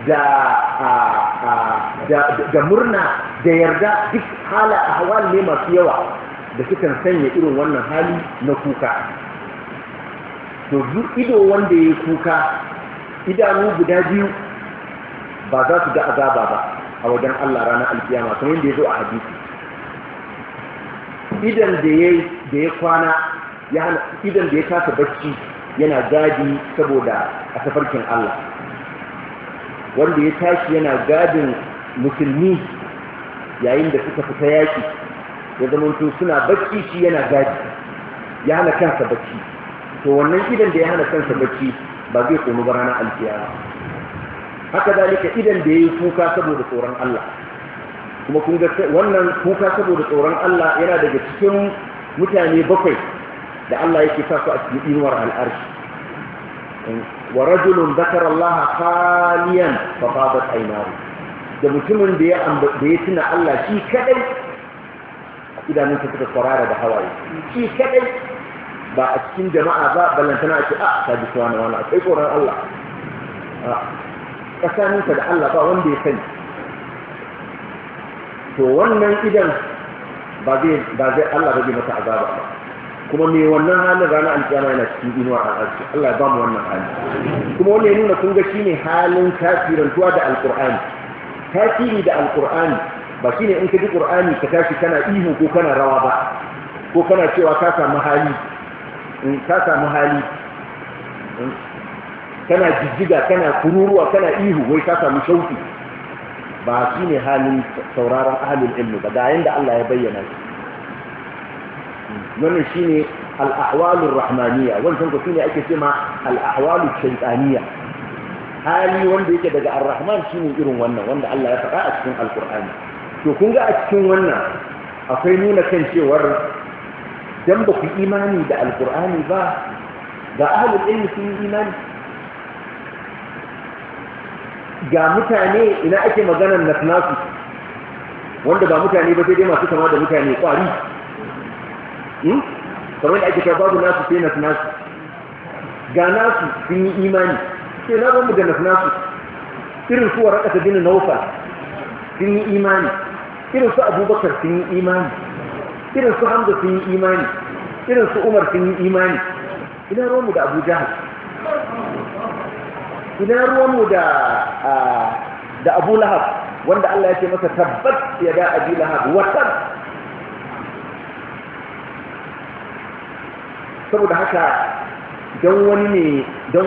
da murna da yarda duk hala a ahwal ne masu yawa da sukan sanya irin wannan hali na kuka to ido wanda ya kuka idanu guda biyu ba za su ga azaba ba a wajen Allah ranar alkiyama kuma da ya zo a hadisi idan da ya kwana idan da ya kasa bacci yana gadi saboda a tafarkin Allah wanda ya tashi yana gadin musulmi yayin da suka fita yaki ya zama suna bacci shi yana gadi ya hana kansa bacci to wannan idan da ya hana kansa bacci ba zai komo ba rana alkiyama haka zalika idan da ya yi kuka saboda tsoron Allah kuma kun ga wannan kuka saboda tsoron Allah yana daga cikin mutane bakwai da Allah yake sa su a cikin inuwar al'arshi wa rajulun zakara Allah khaliyan fa fadat aynahu da mutumin da ya da ya tuna Allah shi kadai إذا من تكتب قرارة بحوائي شيء كذي بأتكين جماعة ذا بل آه، آه. أنت نأتي أعطى بسوانا وانا أتكي قرار الله أساني تدعى الله فأوان بي خن فوان من إذن بعدين بعدين الله بدي متى عذاب كما مي وانا هالا أنت أنا أنا إنواع الأرض الله يضام وانا هالا كما وانا ينونا كونغا شيني حال كافيرا توادع القرآن كافيري دع القرآن كافيري دع القرآن ba shine in ka ji qur'ani ka tashi kana ihu ko kana rawa ba ko kana cewa ka samu hali in ka samu hali kana jijjiga kana kururuwa kana ihu wai ka samu shauki ba shine halin sauraron ahlul ilmi ba da Allah ya bayyana shi wannan shine al-ahwalur rahmaniyya wannan ko shine ake cewa al-ahwalush shaytaniyya hali wanda yake daga ar-rahman shine irin wannan wanda Allah ya faɗa a cikin al-qur'ani to kun ga a cikin wannan akwai nuna kan cewar dan ba ku imani da alkur'ani ba ga ahlul ilmi sun yi imani ga mutane ina ake maganar nasnasu wanda ba mutane ba sai dai masu kama da mutane kwari hmm? kamar da ake ta babu nasu sai nasnasu ga nasu sun yi imani sai na mu da nasnasu irin su raka ta dina naufa sun yi imani irin su abubakar sun yi imani irin su hamza sun yi imani irin su umar sun yi imani ina ruwanmu da abu jahal ina ruwanmu da da abu lahab wanda allah ya ce masa tabbat ya da abu lahab watan saboda haka don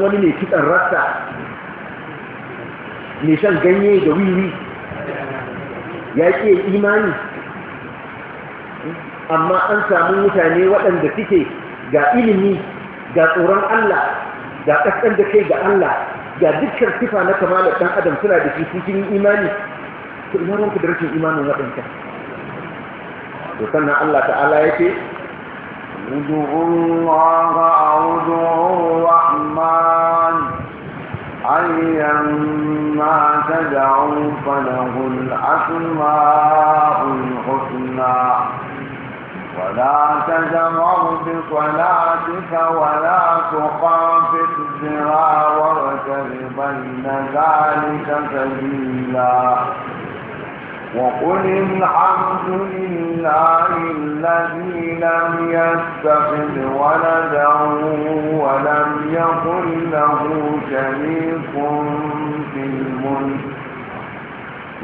wani ne kitan rasta ne shan ganye da wiwi ya ke imani amma an samu mutane waɗanda suke ga ilimi ga tsoron Allah ga ƙasƙan da kai ga Allah ga dukkan sifa na kamalar ɗan adam suna da shi cikin imani to ina ranka da rashin imanin waɗanka to sannan Allah ta'ala ya ce تدعوا فله الأسماء الحسنى ولا تجمر بصلاتك ولا تخافت بها وارتب بين ذلك سبيلا وقل الحمد لله الذي لم يتخذ ولدا ولم يكن له شريك في الملك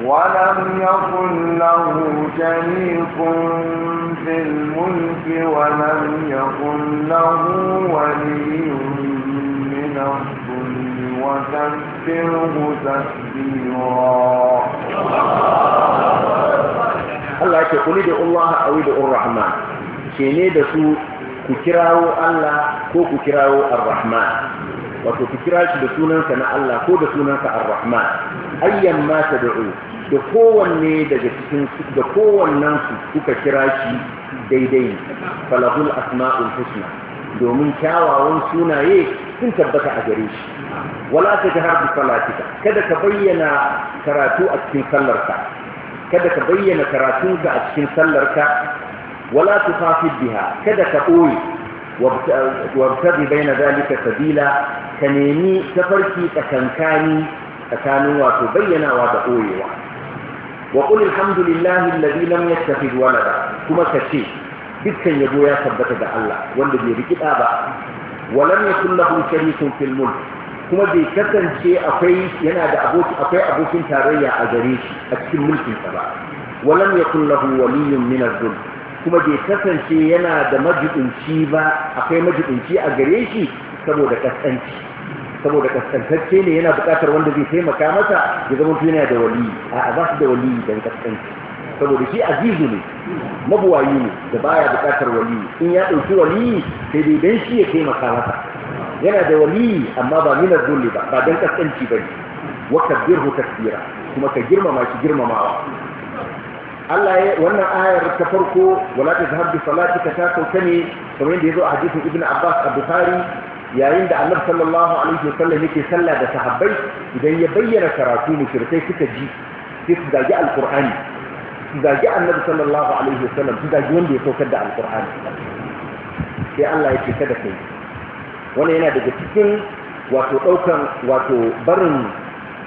ولم يكن له شريك في الملك ولم يكن له ولي من الظلم وكبره تكبيرا Allah ya ce kuli da Allah a wuri da Ar-Rahman ke da su ku kirawo Allah ko ku kirawo Ar-Rahman wato ku kira shi da sunansa na Allah ko da sunansa ar da kowanne daga cikin da kowannen su kuka kira shi daidai falahul asma'ul husna domin kyawawan sunaye sun tabbata a gare shi wala ta jahar bi salatika kada ka bayyana karatu a cikin sallarka kada ka bayyana ka a cikin sallarka wala tufafid biha kada ka ɓoye wabtabi baina zalika sabila ka nemi tafarki tsakankani tsakanin wato bayyanawa da ɓoyewa wa qul alhamdulillahi alladhi lam yattakhid walada kuma ka ce dukkan yabo ya tabbata da Allah wanda bai riki ba walam yakul lahu sharikun fil mulk kuma bai kasance akwai yana da aboki akwai abokin tarayya a gare shi a cikin mulkin sa ba walam ya lahu waliyyun min az Zul? kuma bai kasance yana da majibinci ba akwai majibinci a gare shi saboda kaskanci saboda kaskantacce ne yana bukatar wanda zai taimaka masa ya zama yana da wali a za su da wali dan kaskanci saboda shi azizu ne mabuwayi ne da baya bukatar wali in ya dauki wali sai dai dan shi ya taimaka masa yana da wali amma ba nuna zulli ba ba don kaskanci ba ne wa kabbirhu takbira kuma ka girmama shi girmamawa Allah ya wannan ayar ta farko wala ta zahab bi salatika ta sauka ne kamar yadda yazo a hadisin Ibn Abbas a Bukhari yayin da Annabi sallallahu alaihi wasallam yake sallah da sahabbai idan ya bayyana karatu ne, sai suka ji sai su al alqur'ani su gaji Annabi sallallahu alaihi wasallam su gaji wanda ya saukar da al alqur'ani sai Allah ya ce kada kai wani yana daga cikin wato ɗaukan wato barin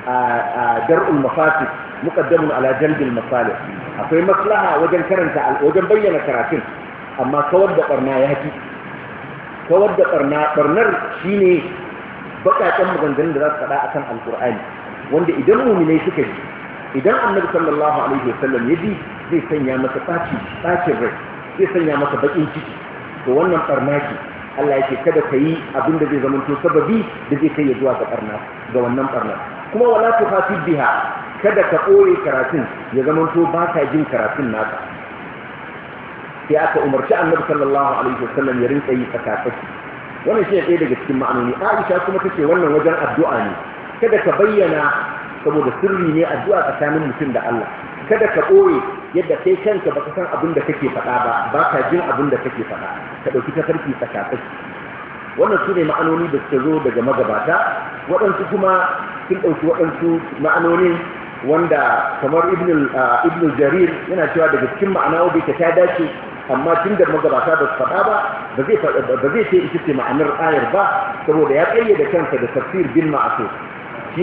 a dar'ul mafasid muqaddamun ala jalbil masalih akwai maslaha wajen karanta wajen bayyana karatun amma kawar da barna ya fi kawar da barna barnar shine bakakken maganganun da za su faɗa akan alqur'ani wanda idan mu'minai suka ji idan annabi sallallahu alaihi wasallam ya ji zai sanya masa ɓacin rai zai sanya masa bakin ciki to wannan barna Allah yake kada ka yi abin da zai zamanto sababi da zai kai ya zuwa ga barna ga wannan barna kuma wala Fafi biha kada ka ɓoye karatun ya zamanto ba ka jin karatun naka sai aka umarci annabi sallallahu alaihi wasallam ya rinka yi tsakatsaki wannan shi ne ɗaya daga cikin ma'anoni Aisha kuma ce wannan wajen addu'a ne kada ka bayyana saboda sirri ne addu'a tsakanin mutum da Allah kada ka ɓoye yadda kai kanka baka san abin da kake faɗa ba ba ka jin abin da kake faɗa ka ɗauki tafarki tsakatsaki wannan su ne ma'anoni da suka zo daga magabata waɗansu kuma sun ɗauki waɗansu ma'anonin wanda kamar ibn jarir yana cewa daga cikin ma'ana wadda ta dace amma tun da magabata ba su faɗa ba ba zai ce ita ce ma'anar ayar ba saboda ya ƙayyade kansa da tafsir bin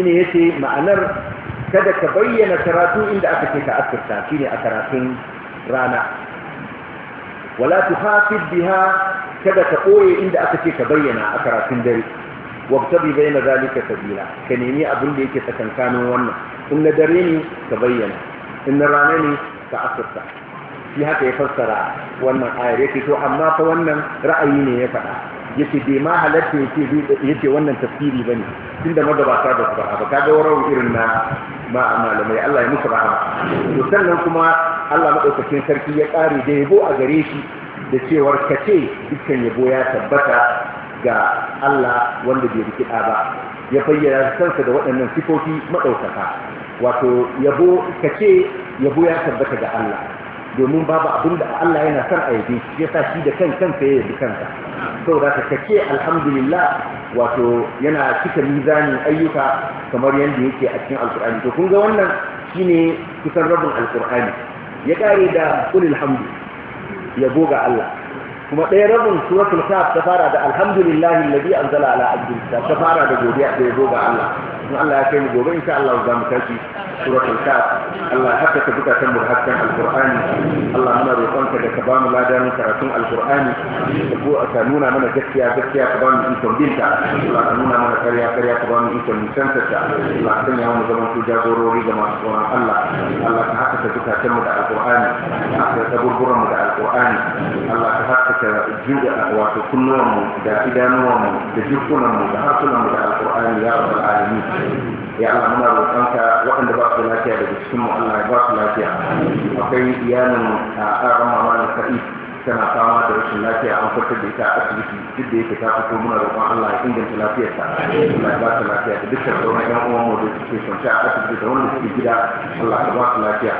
ne ya ce ma'anar kada ka bayyana karatu inda aka ce ka asirta shine a karatun rana wala hafi biha kada ka ɓoye inda aka ce ka bayyana a karatun dare wabtabi baina zalika sabila ka nemi abin da yake tsakankanin wannan in na dare ne ka bayyana in na rana ne ka asirta shi haka ya fassara wannan ayar yake to amma fa wannan ra'ayi ne ya faɗa yace bai ma halatta yace yace wannan tafsiri bane tunda magabata da su ba kaga wurin irin na malamai Allah ya musu rahama to sannan kuma Allah madaukakin sarki ya kare da yabo a gare shi da cewar kace dukkan yabo ya tabbata ga Allah wanda bai riki ba ya bayyana kansa da waɗannan sifofi madaukaka wato yabo kace yabo ya tabbata ga Allah domin babu abin da Allah yana son a yabe shi yasa shi da kan kansa ya yabi Sau da ka kace alhamdulillah wato yana cika mizanin ayyuka kamar yadda yake a cikin alkur'ani to kun ga wannan shine kusan rabin alkur'ani ya kare da qul alhamdu ya goga Allah kuma ɗaya rabin suratul kaf ta fara da alhamdulillahi alladhi anzala ala abdihi ta fara da godiya da ya goga Allah in Allah ya kai mu gobe insha Allah za mu tashi suratul kaf Allah haka ka buka kan burhakan alqur'ani Allah muna roƙon ka da ka bamu ladan karatun alqur'ani ka ko a nuna mana gaskiya gaskiya ka bamu ikon binta Allah ka nuna mana kariya kariya ka bamu ikon san ta Allah ka nuna mu zaman ku jagorori ga masu tsoron Allah Allah ka haka ka buka kan mu da alqur'ani ka haka ka burburan mu da alqur'ani Allah ka haka aka a wato mu da idanuwanmu da jikunanmu da harsunanmu da alkur'ani ya rabbal alamin ya Allah muna roƙonka waɗanda ba su lafiya daga cikin mu Allah ya ba su lafiya akwai iyalin a ƙarar mama da sa'i tana fama da rashin lafiya an fitar da ita asibiti duk da yake ta fito muna roƙon Allah ya inganta lafiyar ta Allah ya ba ta lafiya da dukkan sauran ƴan uwan mu da suke kwance a asibiti da wanda suke gida Allah ya ba su lafiya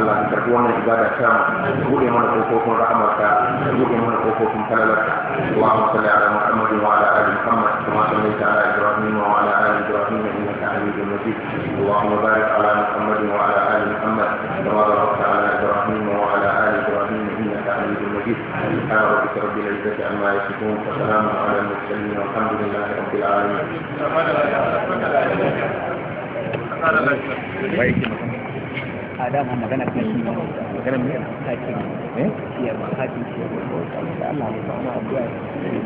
Allah ya karɓi wannan ibada ta mu buɗe mana kofofin rahamarka buɗe mana kofofin falalarka اللهم صل wa ala وعلى آل محمد كما صليت Ibrahim إبراهيم وعلى آل إبراهيم إنك حميد مجيد اللهم بارك wai ke a dama magana kan shi magana mai hakim eh ya ba hakim shi Allah ya ba mu addu'a